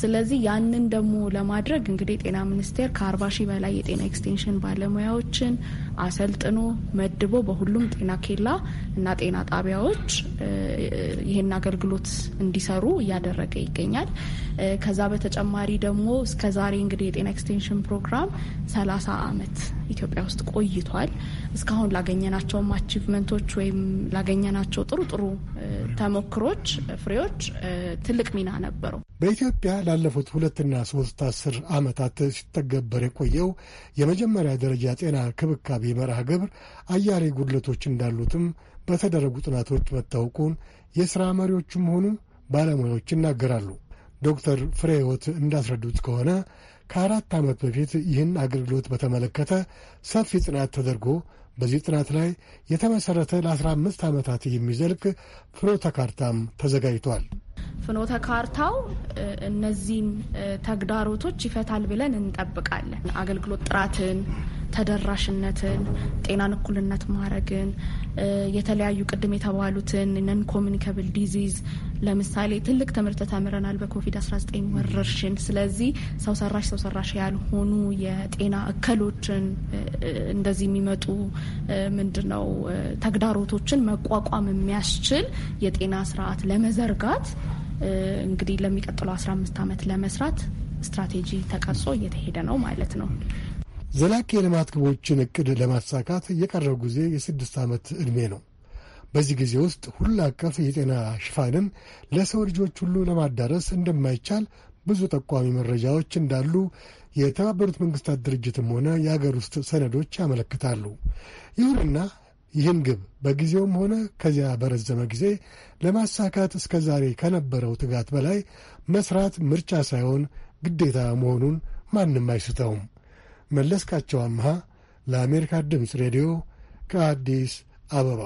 ስለዚህ ያንን ደግሞ ለማድረግ እንግዲህ ጤና ሚኒስቴር ከአርባ ሺህ በላይ የጤና ኤክስቴንሽን ባለሙያዎችን አሰልጥኖ መድቦ በሁሉም ጤና ኬላ እና ጤና ጣቢያዎች ይህን አገልግሎት እንዲሰሩ እያደረገ ይገኛል። ከዛ በተጨማሪ ደግሞ እስከ ዛሬ እንግዲህ የጤና ኤክስቴንሽን ፕሮግራም ሰላሳ አመት ኢትዮጵያ ውስጥ ቆይቷል። እስካሁን ላገኘናቸውም አቺቭመንቶች ወይም ላገኘናቸው ጥሩ ጥሩ ተሞክሮች ፍሬዎች ትልቅ ሚና ነበረው። በኢትዮጵያ ላለፉት ሁለትና ሶስት አስር አመታት ሲተገበር የቆየው የመጀመሪያ ደረጃ ጤና ክብካቤ መርሃ ግብር አያሌ ጉድለቶች እንዳሉትም በተደረጉ ጥናቶች መታወቁን የሥራ መሪዎችም ሆኑ ባለሙያዎች ይናገራሉ። ዶክተር ፍሬህይወት እንዳስረዱት ከሆነ ከአራት ዓመት በፊት ይህን አገልግሎት በተመለከተ ሰፊ ጥናት ተደርጎ በዚህ ጥናት ላይ የተመሠረተ ለ15 ዓመታት የሚዘልቅ ፍኖተ ካርታም ተዘጋጅቷል። ፍኖተ ካርታው እነዚህን ተግዳሮቶች ይፈታል ብለን እንጠብቃለን። አገልግሎት ጥራትን ተደራሽነትን፣ ጤናን እኩልነት ማድረግን፣ የተለያዩ ቅድም የተባሉትን ነን ኮሚኒካብል ዲዚዝ ለምሳሌ ትልቅ ትምህርት ተምረናል በኮቪድ-19 ወረርሽን። ስለዚህ ሰው ሰራሽ ሰው ሰራሽ ያልሆኑ የጤና እክሎችን እንደዚህ የሚመጡ ምንድን ነው ተግዳሮቶችን መቋቋም የሚያስችል የጤና ስርዓት ለመዘርጋት እንግዲህ ለሚቀጥለው 15 ዓመት ለመስራት ስትራቴጂ ተቀርጾ እየተሄደ ነው ማለት ነው። ዘላቂ የልማት ግቦችን እቅድ ለማሳካት የቀረው ጊዜ የስድስት ዓመት ዕድሜ ነው። በዚህ ጊዜ ውስጥ ሁሉ አቀፍ የጤና ሽፋንን ለሰው ልጆች ሁሉ ለማዳረስ እንደማይቻል ብዙ ጠቋሚ መረጃዎች እንዳሉ የተባበሩት መንግስታት ድርጅትም ሆነ የአገር ውስጥ ሰነዶች ያመለክታሉ። ይሁንና ይህን ግብ በጊዜውም ሆነ ከዚያ በረዘመ ጊዜ ለማሳካት እስከ ዛሬ ከነበረው ትጋት በላይ መስራት ምርጫ ሳይሆን ግዴታ መሆኑን ማንም አይስተውም። መለስካቸው አምሃ ለአሜሪካ ድምፅ ሬዲዮ ከአዲስ አበባ።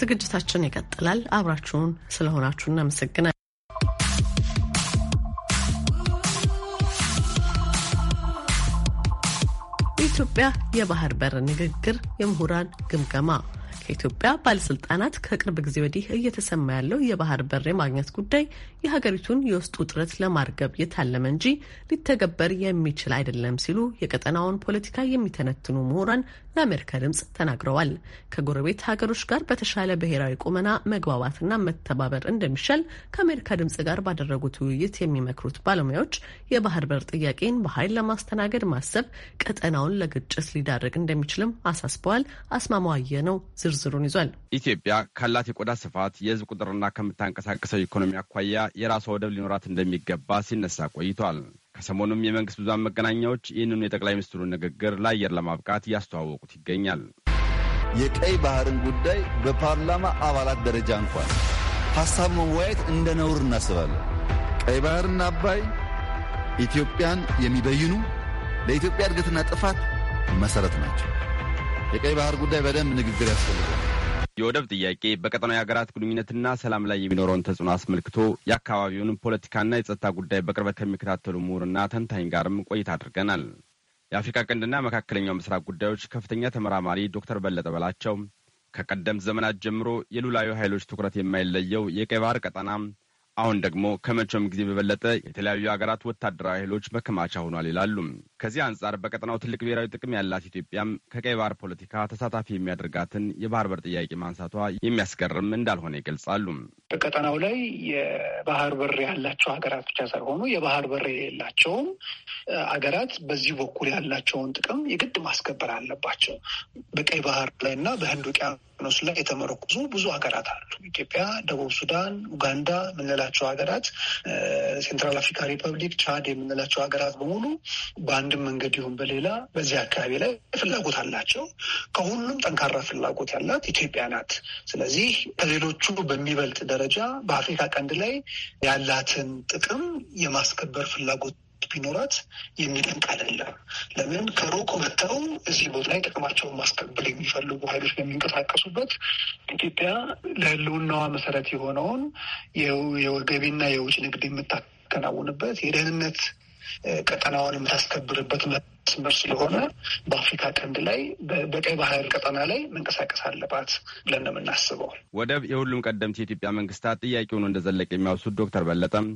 ዝግጅታችን ይቀጥላል። አብራችሁን ስለሆናችሁ እናመሰግናለን። የኢትዮጵያ የባህር በር ንግግር የምሁራን ግምገማ ከኢትዮጵያ ባለስልጣናት ከቅርብ ጊዜ ወዲህ እየተሰማ ያለው የባህር በር የማግኘት ጉዳይ የሀገሪቱን የውስጥ ውጥረት ለማርገብ የታለመ እንጂ ሊተገበር የሚችል አይደለም ሲሉ የቀጠናውን ፖለቲካ የሚተነትኑ ምሁራን ለአሜሪካ ድምጽ ተናግረዋል። ከጎረቤት ሀገሮች ጋር በተሻለ ብሔራዊ ቁመና መግባባትና መተባበር እንደሚሻል ከአሜሪካ ድምጽ ጋር ባደረጉት ውይይት የሚመክሩት ባለሙያዎች የባህር በር ጥያቄን በኃይል ለማስተናገድ ማሰብ ቀጠናውን ለግጭት ሊዳርግ እንደሚችልም አሳስበዋል። አስማማዋየ ነው ዝርዝር ዝርዝሩን ይዟል። ኢትዮጵያ ካላት የቆዳ ስፋት የህዝብ ቁጥርና ከምታንቀሳቀሰው ኢኮኖሚ አኳያ የራሷ ወደብ ሊኖራት እንደሚገባ ሲነሳ ቆይቷል። ከሰሞኑም የመንግስት ብዙሃን መገናኛዎች ይህንኑ የጠቅላይ ሚኒስትሩን ንግግር ለአየር ለማብቃት እያስተዋወቁት ይገኛል። የቀይ ባህርን ጉዳይ በፓርላማ አባላት ደረጃ እንኳን ሀሳብ መወያየት እንደ ነውር እናስባለን። ቀይ ባህርና አባይ ኢትዮጵያን የሚበይኑ ለኢትዮጵያ እድገትና ጥፋት መሰረት ናቸው። የቀይ ባህር ጉዳይ በደንብ ንግግር ያስፈልጋል። የወደብ ጥያቄ በቀጠናዊ የሀገራት ግንኙነትና ሰላም ላይ የሚኖረውን ተጽዕኖ አስመልክቶ የአካባቢውን ፖለቲካና የጸጥታ ጉዳይ በቅርበት ከሚከታተሉ ምሁርና ተንታኝ ጋርም ቆይታ አድርገናል። የአፍሪካ ቀንድና መካከለኛው ምስራቅ ጉዳዮች ከፍተኛ ተመራማሪ ዶክተር በለጠ በላቸው ከቀደምት ዘመናት ጀምሮ የሉላዊ ኃይሎች ትኩረት የማይለየው የቀይ ባህር ቀጠና አሁን ደግሞ ከመቼውም ጊዜ በበለጠ የተለያዩ ሀገራት ወታደራዊ ኃይሎች መከማቻ ሆኗል ይላሉ። ከዚህ አንጻር በቀጠናው ትልቅ ብሔራዊ ጥቅም ያላት ኢትዮጵያም ከቀይ ባህር ፖለቲካ ተሳታፊ የሚያደርጋትን የባህር በር ጥያቄ ማንሳቷ የሚያስገርም እንዳልሆነ ይገልጻሉ። በቀጠናው ላይ የባህር በር ያላቸው ሀገራት ብቻ ሳይሆኑ የባህር በር የሌላቸውም ሀገራት በዚህ በኩል ያላቸውን ጥቅም የግድ ማስከበር አለባቸው። በቀይ ባህር ላይ እና በህንድ ውቅያኖስ እነሱ ላይ የተመረኮዙ ብዙ ሀገራት አሉ። ኢትዮጵያ፣ ደቡብ ሱዳን፣ ኡጋንዳ የምንላቸው ሀገራት፣ ሴንትራል አፍሪካ ሪፐብሊክ፣ ቻድ የምንላቸው ሀገራት በሙሉ በአንድም መንገድ ይሁን በሌላ በዚህ አካባቢ ላይ ፍላጎት አላቸው። ከሁሉም ጠንካራ ፍላጎት ያላት ኢትዮጵያ ናት። ስለዚህ ከሌሎቹ በሚበልጥ ደረጃ በአፍሪካ ቀንድ ላይ ያላትን ጥቅም የማስከበር ፍላጎት ቢኖራት የሚደንቅ አይደለም። ለምን ከሩቅ መጥተው እዚህ ቦታ ላይ ጥቅማቸውን ማስከበር የሚፈልጉ ኃይሎች በሚንቀሳቀሱበት ኢትዮጵያ ለህልውናዋ መሰረት የሆነውን የገቢና የውጭ ንግድ የምታከናውንበት የደህንነት ቀጠናዋን የምታስከብርበት መስመር ስለሆነ በአፍሪካ ቀንድ ላይ በቀይ ባህር ቀጠና ላይ መንቀሳቀስ አለባት ብለን ነው የምናስበው። ወደብ የሁሉም ቀደምት የኢትዮጵያ መንግስታት ጥያቄ ሆኖ እንደዘለቀ የሚያወሱት ዶክተር በለጠም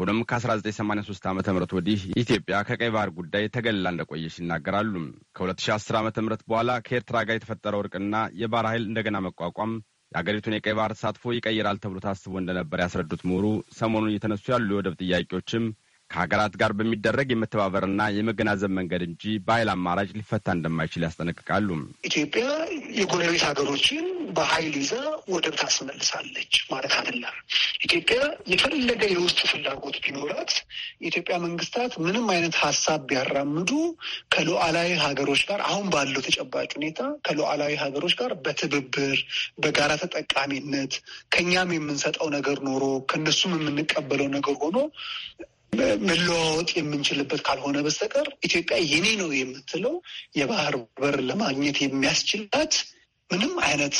ሆኖም ከ1983 ዓ ም ወዲህ ኢትዮጵያ ከቀይ ባህር ጉዳይ ተገልላ እንደቆየች ይናገራሉ። ከ2010 ዓ ም በኋላ ከኤርትራ ጋር የተፈጠረው እርቅና የባህር ኃይል እንደገና መቋቋም የአገሪቱን የቀይ ባህር ተሳትፎ ይቀይራል ተብሎ ታስቦ እንደነበር ያስረዱት ምሁሩ ሰሞኑን እየተነሱ ያሉ የወደብ ጥያቄዎችም ከሀገራት ጋር በሚደረግ የመተባበርና የመገናዘብ መንገድ እንጂ በኃይል አማራጭ ሊፈታ እንደማይችል ያስጠነቅቃሉ። ኢትዮጵያ የጎረቤት ሀገሮችን በኃይል ይዛ ወደብ ታስመልሳለች ማለት አይደለም። ኢትዮጵያ የፈለገ የውስጥ ፍላጎት ቢኖራት የኢትዮጵያ መንግስታት ምንም አይነት ሀሳብ ቢያራምዱ ከሉዓላዊ ሀገሮች ጋር አሁን ባለው ተጨባጭ ሁኔታ ከሉዓላዊ ሀገሮች ጋር በትብብር በጋራ ተጠቃሚነት ከኛም የምንሰጠው ነገር ኖሮ ከነሱም የምንቀበለው ነገር ሆኖ መለዋወጥ የምንችልበት ካልሆነ በስተቀር ኢትዮጵያ የኔ ነው የምትለው የባህር በር ለማግኘት የሚያስችላት ምንም አይነት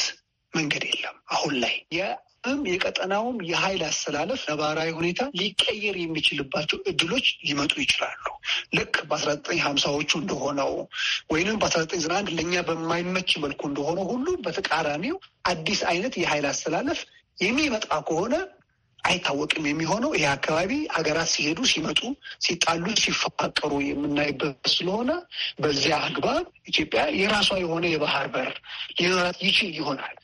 መንገድ የለም አሁን ላይ ም የቀጠናውም የኃይል አሰላለፍ ነባራዊ ሁኔታ ሊቀየር የሚችልባቸው እድሎች ሊመጡ ይችላሉ። ልክ በአስራ ዘጠኝ ሀምሳዎቹ እንደሆነው ወይንም በአስራ ዘጠኝ ዘጠና አንድ ለእኛ በማይመች መልኩ እንደሆነ ሁሉ በተቃራኒው አዲስ አይነት የኃይል አሰላለፍ የሚመጣ ከሆነ አይታወቅም የሚሆነው ይህ አካባቢ ሀገራት ሲሄዱ ሲመጡ፣ ሲጣሉ፣ ሲፋቀሩ የምናይበት ስለሆነ በዚያ አግባብ ኢትዮጵያ የራሷ የሆነ የባህር በር ሊኖራት ይችል ይሆናል።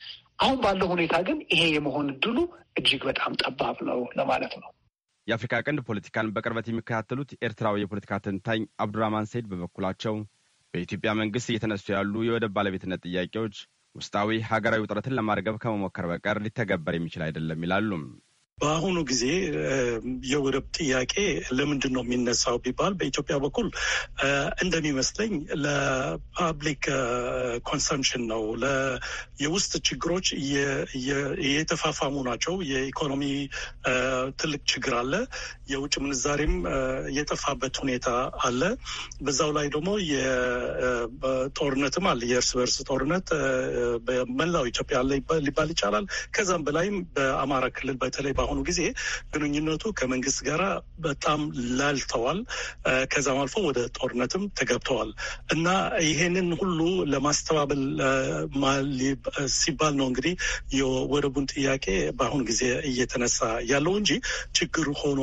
አሁን ባለው ሁኔታ ግን ይሄ የመሆን እድሉ እጅግ በጣም ጠባብ ነው ለማለት ነው። የአፍሪካ ቀንድ ፖለቲካን በቅርበት የሚከታተሉት ኤርትራዊ የፖለቲካ ተንታኝ አብዱራማን ሰይድ በበኩላቸው በኢትዮጵያ መንግስት እየተነሱ ያሉ የወደብ ባለቤትነት ጥያቄዎች ውስጣዊ ሀገራዊ ውጥረትን ለማርገብ ከመሞከር በቀር ሊተገበር የሚችል አይደለም ይላሉ። በአሁኑ ጊዜ የወደብ ጥያቄ ለምንድን ነው የሚነሳው ቢባል በኢትዮጵያ በኩል እንደሚመስለኝ ለፓብሊክ ኮንሰምፕሽን ነው። የውስጥ ችግሮች የተፋፋሙ ናቸው። የኢኮኖሚ ትልቅ ችግር አለ። የውጭ ምንዛሬም የጠፋበት ሁኔታ አለ። በዛው ላይ ደግሞ ጦርነትም አለ። የእርስ በርስ ጦርነት በመላው ኢትዮጵያ አለ ሊባል ይቻላል። ከዛም በላይም በአማራ ክልል በተለይ በአሁኑ ጊዜ ግንኙነቱ ከመንግስት ጋር በጣም ላልተዋል። ከዛም አልፎ ወደ ጦርነትም ተገብተዋል እና ይሄንን ሁሉ ለማስተባበል ሲባል ነው እንግዲህ የወደቡን ጥያቄ በአሁኑ ጊዜ እየተነሳ ያለው እንጂ ችግር ሆኖ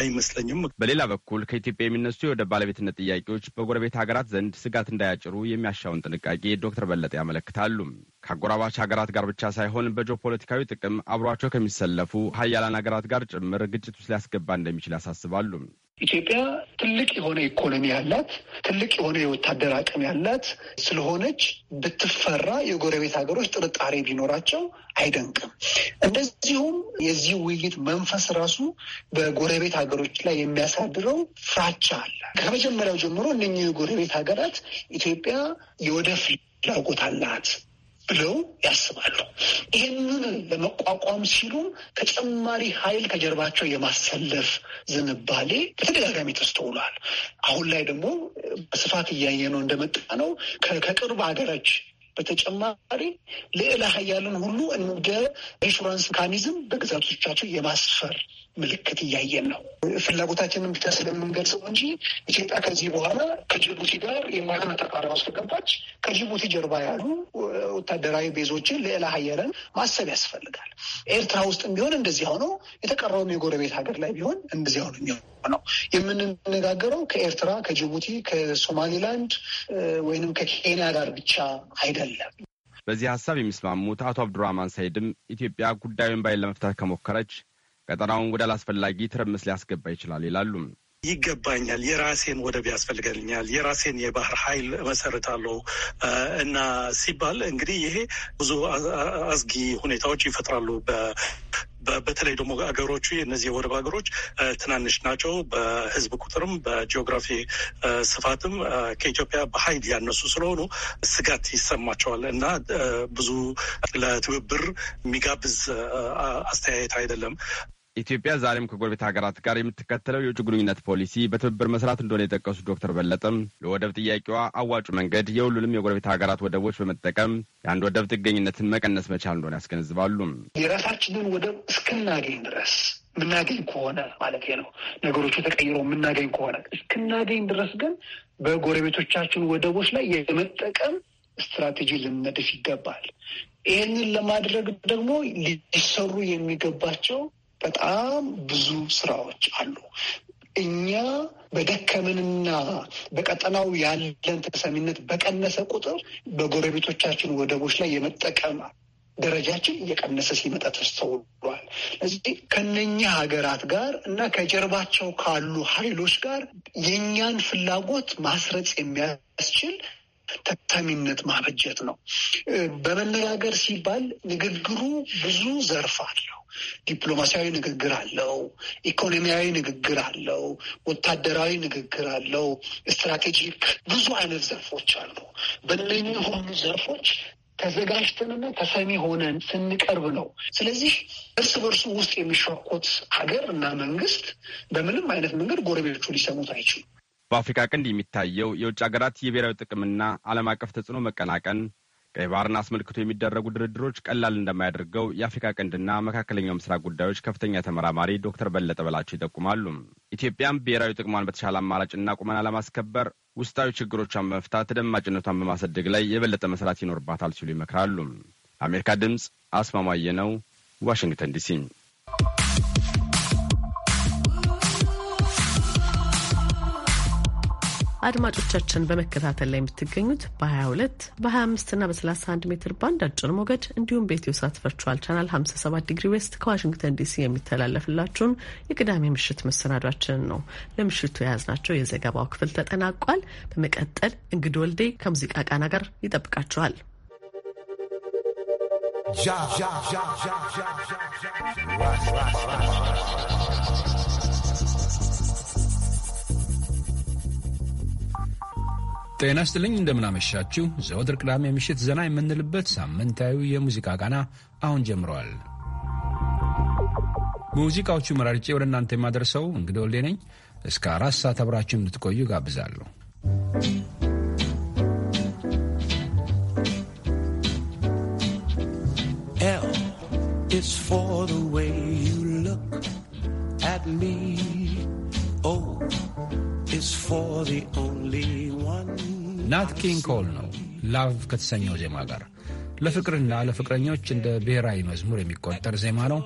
አይመስለኝም። በሌላ በኩል ከኢትዮጵያ የሚነሱ የወደብ ባለቤትነት ጥያቄዎች በጎረቤት ሀገራት ዘንድ ስጋት እንዳያጭሩ የሚያሻውን ጥንቃቄ ዶክተር በለጠ ያመለክታሉ። ከአጎራባች ሀገራት ጋር ብቻ ሳይሆን ፖለቲካዊ ጥቅም አብሯቸው ከሚሰለፉ ሀያላን ሀገራት ጋር ጭምር ግጭት ውስጥ ሊያስገባ እንደሚችል ያሳስባሉ። ኢትዮጵያ ትልቅ የሆነ ኢኮኖሚ ያላት፣ ትልቅ የሆነ የወታደር አቅም ያላት ስለሆነች ብትፈራ የጎረቤት ሀገሮች ጥርጣሬ ቢኖራቸው አይደንቅም። እንደዚሁም የዚህ ውይይት መንፈስ ራሱ በጎረቤት ሀገሮች ላይ የሚያሳድረው ፍራቻ አለ። ከመጀመሪያው ጀምሮ እነኚህ የጎረቤት ሀገራት ኢትዮጵያ የወደፊት ፍላጎት አላት ብለው ያስባሉ። ይህንን ለመቋቋም ሲሉ ተጨማሪ ኃይል ከጀርባቸው የማሰለፍ ዝንባሌ በተደጋጋሚ ተስተውሏል። አሁን ላይ ደግሞ በስፋት እያየ ነው እንደመጣ ነው ከቅርብ ሀገሮች በተጨማሪ ልዕለ ሀያላን ሁሉ እንደ ኢንሹራንስ ሜካኒዝም በግዛቶቻቸው የማስፈር ምልክት እያየን ነው። ፍላጎታችንን ብቻ ስለምንገልጸው እንጂ ኢትዮጵያ ከዚህ በኋላ ከጅቡቲ ጋር የማይሆነ ተቃራ ውስጥ ከጅቡቲ ጀርባ ያሉ ወታደራዊ ቤዞችን ልዕለ ሀያላን ማሰብ ያስፈልጋል። ኤርትራ ውስጥም ቢሆን እንደዚህ ሆነው የተቀረውም የጎረቤት ሀገር ላይ ቢሆን እንደዚህ ሆነ ነው የምንነጋገረው ከኤርትራ፣ ከጅቡቲ፣ ከሶማሊላንድ ወይንም ከኬንያ ጋር ብቻ አይደለም። በዚህ ሀሳብ የሚስማሙት አቶ አብዱራህማን ሳይድም ኢትዮጵያ ጉዳዩን ባይን ለመፍታት ከሞከረች ቀጠናውን ወደ አላስፈላጊ ትርምስ ሊያስገባ ይችላል ይላሉ። ይገባኛል፣ የራሴን ወደብ ያስፈልገኛል፣ የራሴን የባህር ኃይል እመሰርታለሁ እና ሲባል እንግዲህ ይሄ ብዙ አስጊ ሁኔታዎች ይፈጥራሉ። በተለይ ደግሞ አገሮቹ እነዚህ የወደብ ሀገሮች ትናንሽ ናቸው። በህዝብ ቁጥርም በጂኦግራፊ ስፋትም ከኢትዮጵያ በኃይል ያነሱ ስለሆኑ ስጋት ይሰማቸዋል እና ብዙ ለትብብር የሚጋብዝ አስተያየት አይደለም። ኢትዮጵያ ዛሬም ከጎረቤት ሀገራት ጋር የምትከተለው የውጭ ግንኙነት ፖሊሲ በትብብር መስራት እንደሆነ የጠቀሱ ዶክተር በለጠም ለወደብ ጥያቄዋ አዋጩ መንገድ የሁሉንም የጎረቤት ሀገራት ወደቦች በመጠቀም የአንድ ወደብ ጥገኝነትን መቀነስ መቻል እንደሆነ ያስገነዝባሉ። የራሳችንን ወደብ እስክናገኝ ድረስ የምናገኝ ከሆነ ማለት ነው ነገሮቹ ተቀይረው የምናገኝ ከሆነ እስክናገኝ ድረስ ግን በጎረቤቶቻችን ወደቦች ላይ የመጠቀም ስትራቴጂ ልንነድፍ ይገባል። ይህንን ለማድረግ ደግሞ ሊሰሩ የሚገባቸው በጣም ብዙ ስራዎች አሉ። እኛ በደከምንና በቀጠናው ያለን ተሰሚነት በቀነሰ ቁጥር በጎረቤቶቻችን ወደቦች ላይ የመጠቀም ደረጃችን እየቀነሰ ሲመጣ ተስተውሏል። ስለዚህ ከነኛ ሀገራት ጋር እና ከጀርባቸው ካሉ ኃይሎች ጋር የእኛን ፍላጎት ማስረጽ የሚያስችል ተሰሚነት ማበጀት ነው። በመነጋገር ሲባል ንግግሩ ብዙ ዘርፍ አለው። ዲፕሎማሲያዊ ንግግር አለው፣ ኢኮኖሚያዊ ንግግር አለው፣ ወታደራዊ ንግግር አለው፣ ስትራቴጂክ ብዙ አይነት ዘርፎች አሉ። በእነኚህ ሁሉ ዘርፎች ተዘጋጅተንና ተሰሚ ሆነን ስንቀርብ ነው። ስለዚህ እርስ በርሱ ውስጥ የሚሸኮት ሀገር እና መንግስት በምንም አይነት መንገድ ጎረቤቶቹ ሊሰሙት አይችሉም። በአፍሪካ ቀንድ የሚታየው የውጭ ሀገራት የብሔራዊ ጥቅምና ዓለም አቀፍ ተጽዕኖ መቀናቀን ቀይ ባህርን አስመልክቶ የሚደረጉ ድርድሮች ቀላል እንደማያደርገው የአፍሪካ ቀንድና መካከለኛው ምስራቅ ጉዳዮች ከፍተኛ ተመራማሪ ዶክተር በለጠ በላቸው ይጠቁማሉ። ኢትዮጵያም ብሔራዊ ጥቅሟን በተሻለ አማራጭና ቁመና ለማስከበር ውስጣዊ ችግሮቿን በመፍታት ተደማጭነቷን በማሰደግ ላይ የበለጠ መስራት ይኖርባታል ሲሉ ይመክራሉ። አሜሪካ ድምፅ አስማማየ ነው፣ ዋሽንግተን ዲሲ አድማጮቻችን በመከታተል ላይ የምትገኙት በ22 25 እና በ31 ሜትር ባንድ አጭር ሞገድ እንዲሁም በኢትዮ ሳት ቨርቹዋል ቻናል 57 ዲግሪ ዌስት ከዋሽንግተን ዲሲ የሚተላለፍላችሁን የቅዳሜ ምሽት መሰናዷችንን ነው። ለምሽቱ የያዝናቸው የዘገባው ክፍል ተጠናቋል። በመቀጠል እንግድ ወልዴ ከሙዚቃ ቃና ጋር ይጠብቃችኋል። ጤና ስጥልኝ እንደምናመሻችሁ። ዘወትር ቅዳሜ ምሽት ዘና የምንልበት ሳምንታዊ የሙዚቃ ቃና አሁን ጀምረዋል። ሙዚቃዎቹ መራርጬ ወደ እናንተ የማደርሰው እንግዲህ ወልዴ ነኝ። እስከ አራት ሰዓት አብራችሁ እንድትቆዩ ጋብዛለሁ። L for ናት ኪንግ ኮል ነው ላቭ ከተሰኘው ዜማ ጋር ለፍቅርና ለፍቅረኞች እንደ ብሔራዊ መዝሙር የሚቆጠር ዜማ ነው።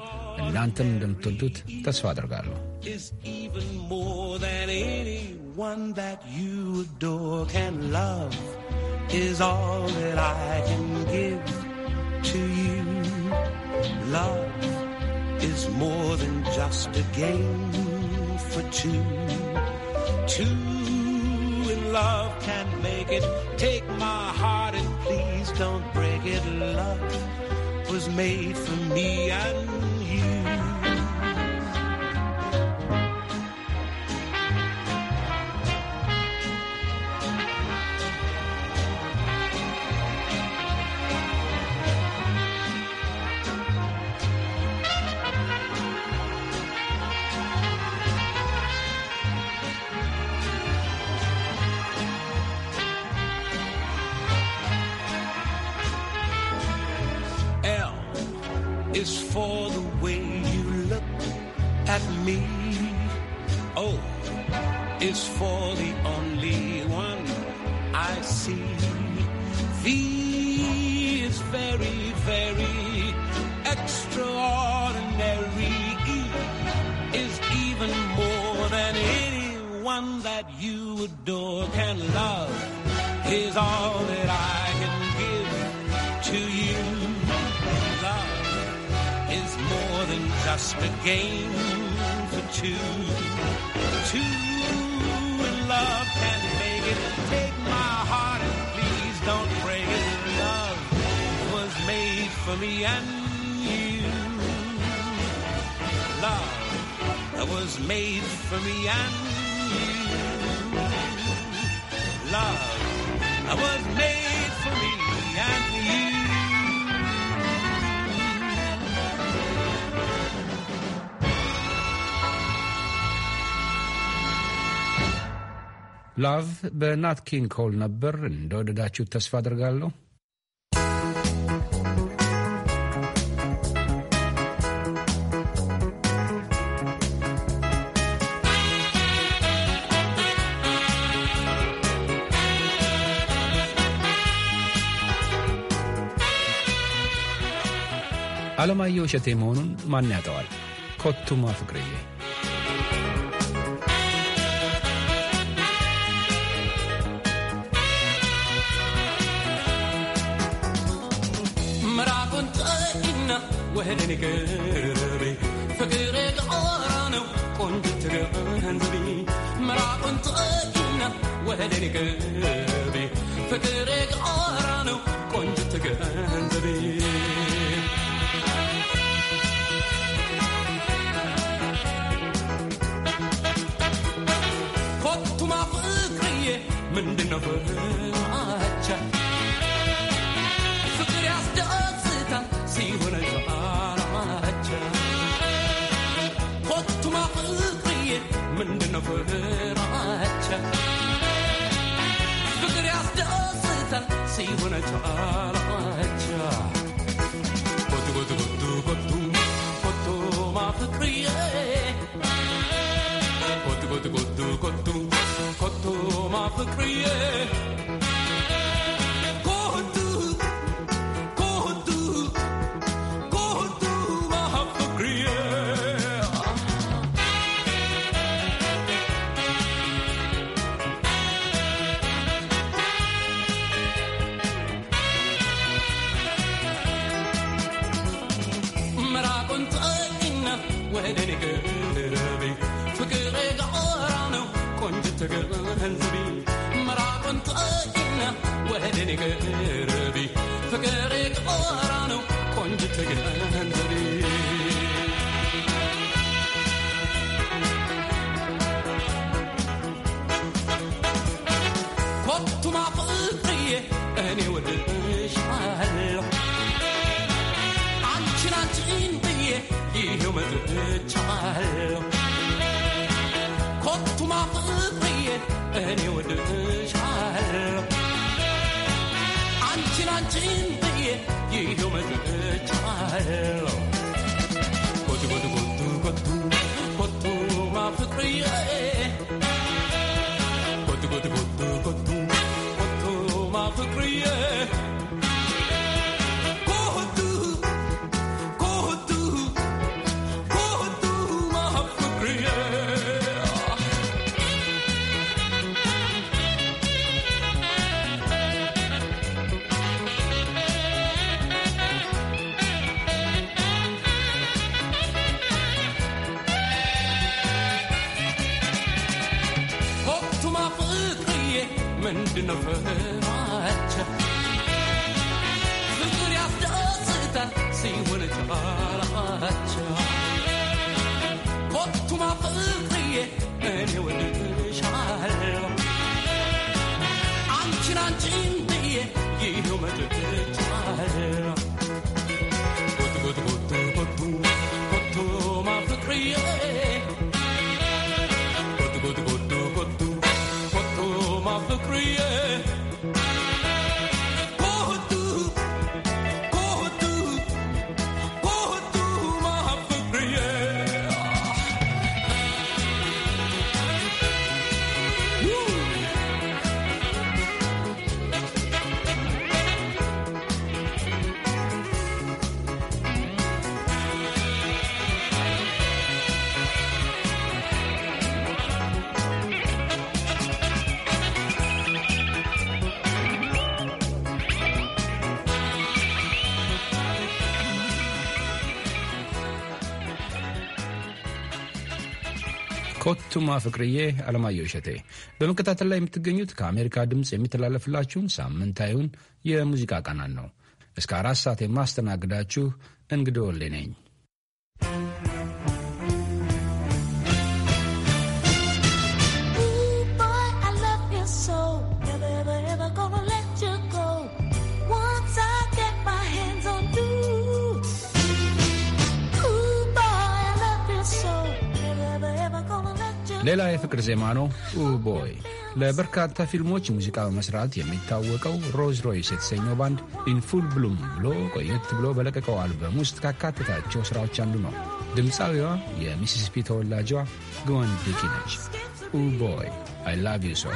እናንተም እንደምትወዱት ተስፋ አድርጋለሁ። Two love can make it. Take my heart and please don't break it. Love was made for me and Two in love can make it. Take my heart and please don't break it. Love was made for me and you. Love was made for me and you. Love was made for me and you. ላቭ በናት ኪንግ ኮል ነበር። እንደወደዳችሁ ተስፋ አድርጋለሁ። አለማየሁ እሸቴ መሆኑን ማን ያጠዋል? ኮቱማ ፍቅርዬ وهدني قلبي فقر الغرانو كنت تغنزبي مراقن تقينا وهدني قلبي فقر الغرانو كنت تغنزبي كنت ما فقري من دنا فقر ምንድነው ፍቅራቸው ፍቅር ያስደስታል ሲሆነ ጨዋላ ምንድነው ፍቅራቸው? ፍቅር ያስደስታል ሲሆን ጨዋራቸው ኮቱማ ፍቅርዬ እኔ ወድ ቱማ ፍቅርዬ፣ አለማየሁ እሸቴ። በመከታተል ላይ የምትገኙት ከአሜሪካ ድምፅ የሚተላለፍላችሁን ሳምንታዊውን የሙዚቃ ቃናን ነው። እስከ አራት ሰዓት የማስተናግዳችሁ እንግዶ ወሌ ነኝ። ሌላ የፍቅር ዜማ ነው ቦይ። ለበርካታ ፊልሞች ሙዚቃ በመስራት የሚታወቀው ሮዝ ሮይስ የተሰኘው ባንድ ኢንፉል ብሉም ብሎ ቆየት ብሎ በለቀቀው አልበም ውስጥ ካካተታቸው ሥራዎች አንዱ ነው። ድምፃዊዋ የሚሲሲፒ ተወላጇ ግወን ዲኪ ነች። ቦይ አይ ላቭ ዩ ሶ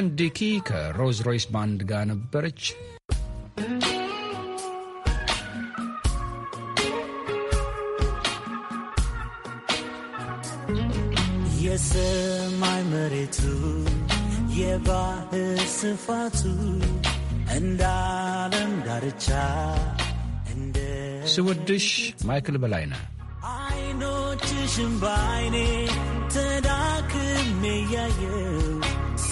ጆን ዲኪ ከሮዝ ሮይስ ባንድ ጋር ነበረች። የሰማይ መሬቱ የባህር ስፋቱ እንደ ዳርቻ እንደ ስወድሽ ማይክል በላይነ አይኖችሽም በአይኔ ተዳክሜ ያየው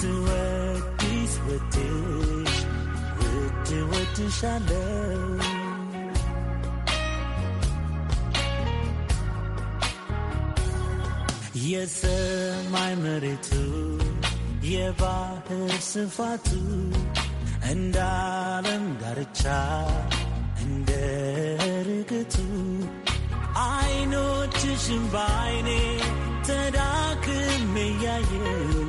አዲስ ወድሽ ውድ የሰማይ መሬቱ የባህር ስፋቱ እንደ ዓለም ዳርቻ እንደ ርግቱ አይኖችሽም በአይኔ ተዳክሜ ያየው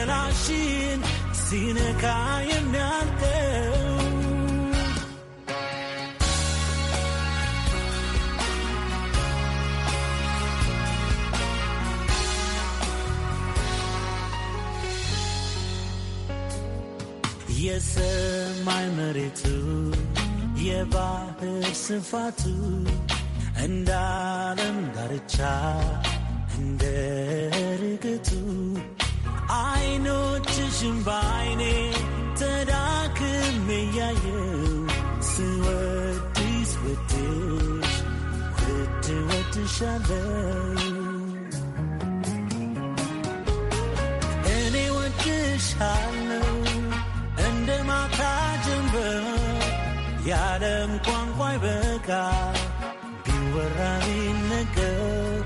ገላሽን ሲነካ የሚያልተው የሰማይ መሬቱ የባህር ስፋቱ እንዳለም ዳርቻ እንደ ርግቱ አይኖችሽም በአይኔ ተዳክም እያየው ስወድሽ ወድሽ ውድ ወድሻለው እኔ ወድሻለው እንደ ማታ ጀንበር የዓለም ቋንቋ ይበቃ ቢወራ ቢነገር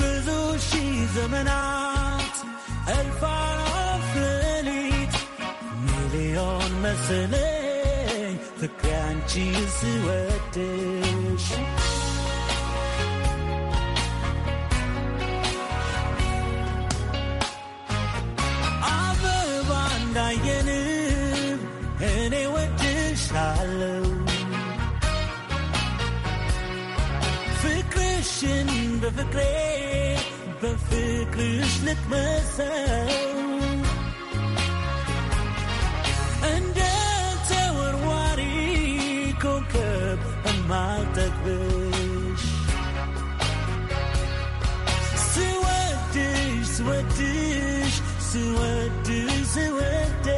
ብዙ ሺህ ዘመናት መሰለኝ ፍቅር አንቺ ስወድሽ አበባ እንዳየን እኔ ወድሻለሁ ፍቅርሽን በፍቅሬ በፍቅርሽ ልትመሰል ما تكبش سودش سودش سودش سودش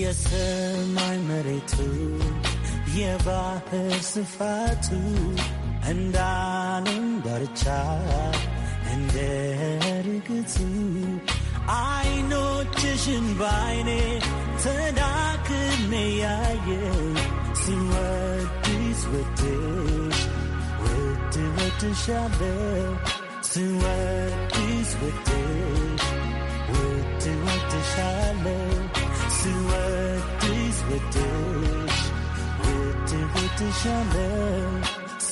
የሰማይ መሬቱ የባህር ስፋቱ and I'm in the child and there gets in I know Chishin Vine Tadaka may I see what these with dish with the what the shabell see what these with dish with the what the shabell see what these with dish with the what the shabell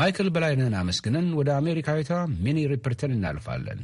ማይክል በላይነህን አመስግነን ወደ አሜሪካዊቷ ሚኒ ሪፐርተን እናልፋለን።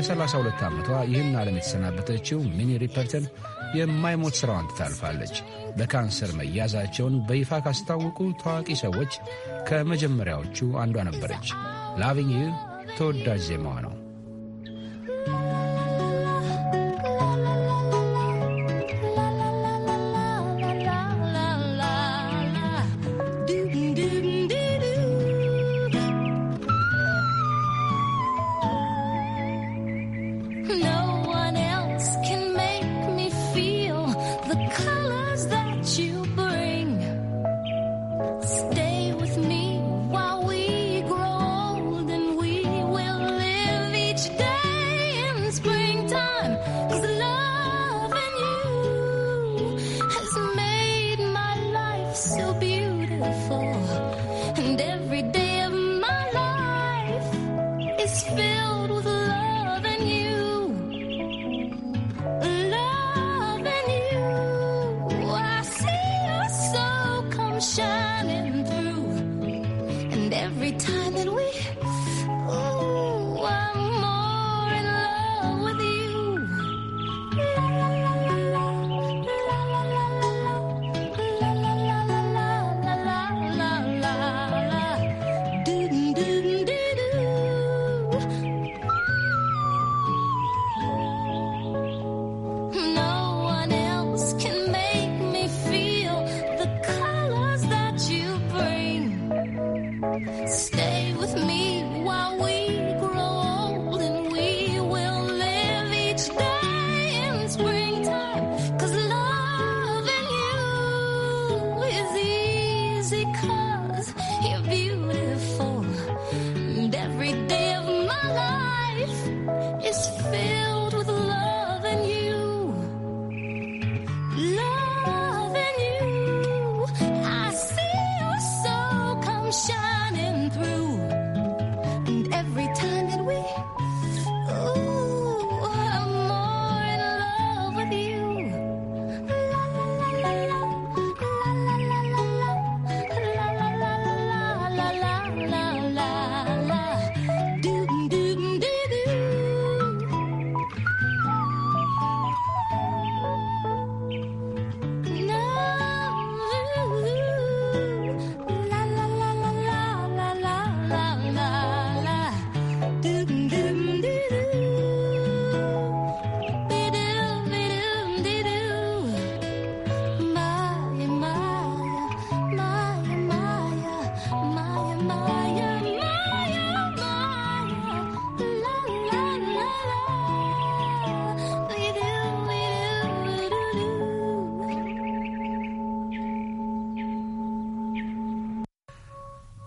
በሰላሳ 32 ዓመቷ ይህን ዓለም የተሰናበተችው ሚኒ ሪፐርተን የማይሞት ሥራዋን ትታልፋለች። በካንሰር መያዛቸውን በይፋ ካስታወቁ ታዋቂ ሰዎች ከመጀመሪያዎቹ አንዷ ነበረች። ላቪኝ ተወዳጅ ዜማዋ ነው።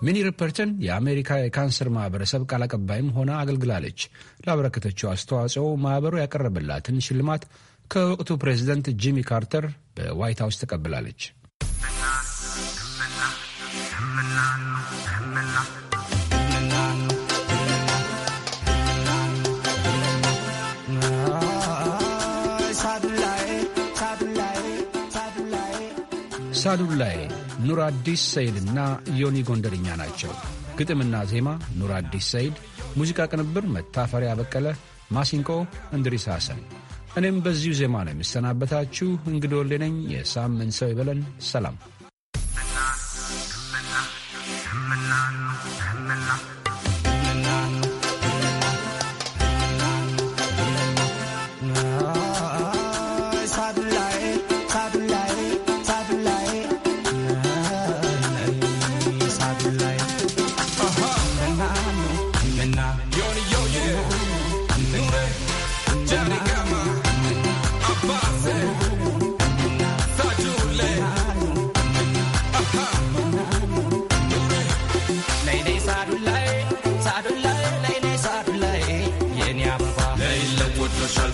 ሚኒ ሪፐርተን የአሜሪካ የካንሰር ማህበረሰብ ቃል አቀባይም ሆና አገልግላለች። ላበረከተችው አስተዋጽኦ ማህበሩ ያቀረበላትን ሽልማት ከወቅቱ ፕሬዚደንት ጂሚ ካርተር በዋይት ሀውስ ተቀብላለች። ላይ ኑር አዲስ ሰይድና ዮኒ ጎንደርኛ ናቸው። ግጥምና ዜማ ኑር አዲስ ሰይድ፣ ሙዚቃ ቅንብር መታፈሪያ በቀለ፣ ማሲንቆ እንድሪስ ሐሰን። እኔም በዚሁ ዜማ ነው የምሰናበታችሁ። እንግዶ ሌነኝ የሳምንት ሰው ይበለን። ሰላም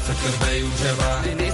سكر بي وجبع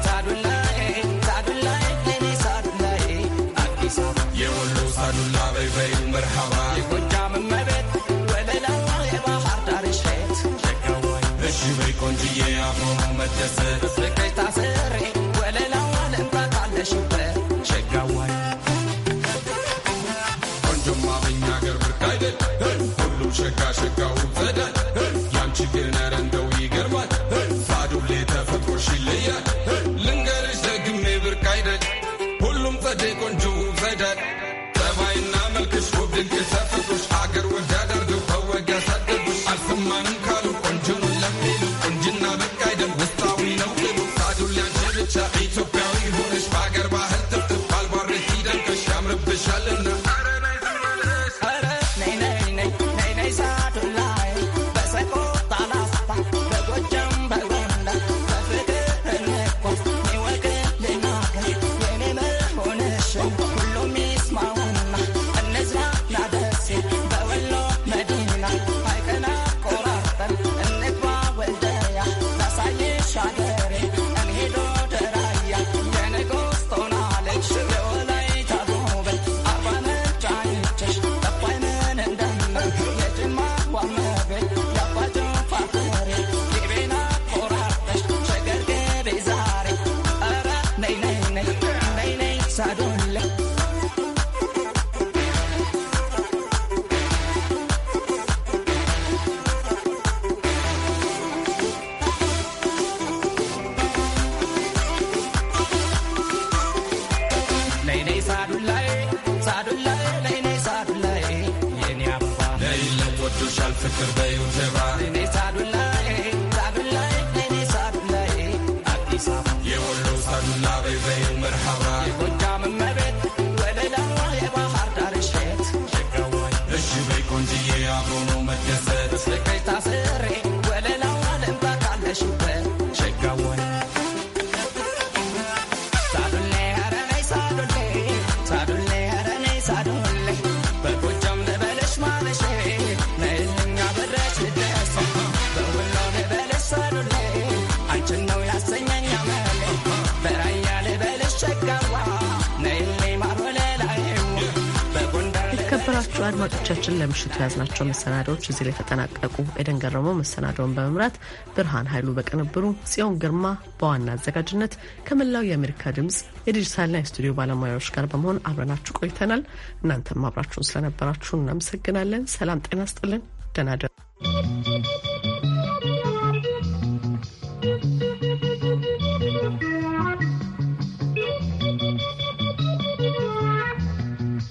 ያሰናዳናቸው መሰናዳዎች እዚህ ላይ ተጠናቀቁ። ኤደን ገረመው መሰናዳውን በመምራት ብርሃን ኃይሉ በቅንብሩ፣ ጽዮን ግርማ በዋና አዘጋጅነት ከመላው የአሜሪካ ድምፅ የዲጂታልና የስቱዲዮ ባለሙያዎች ጋር በመሆን አብረናችሁ ቆይተናል። እናንተም አብራችሁን ስለነበራችሁ እናመሰግናለን። ሰላም ጤና ስጥልን። ደናደ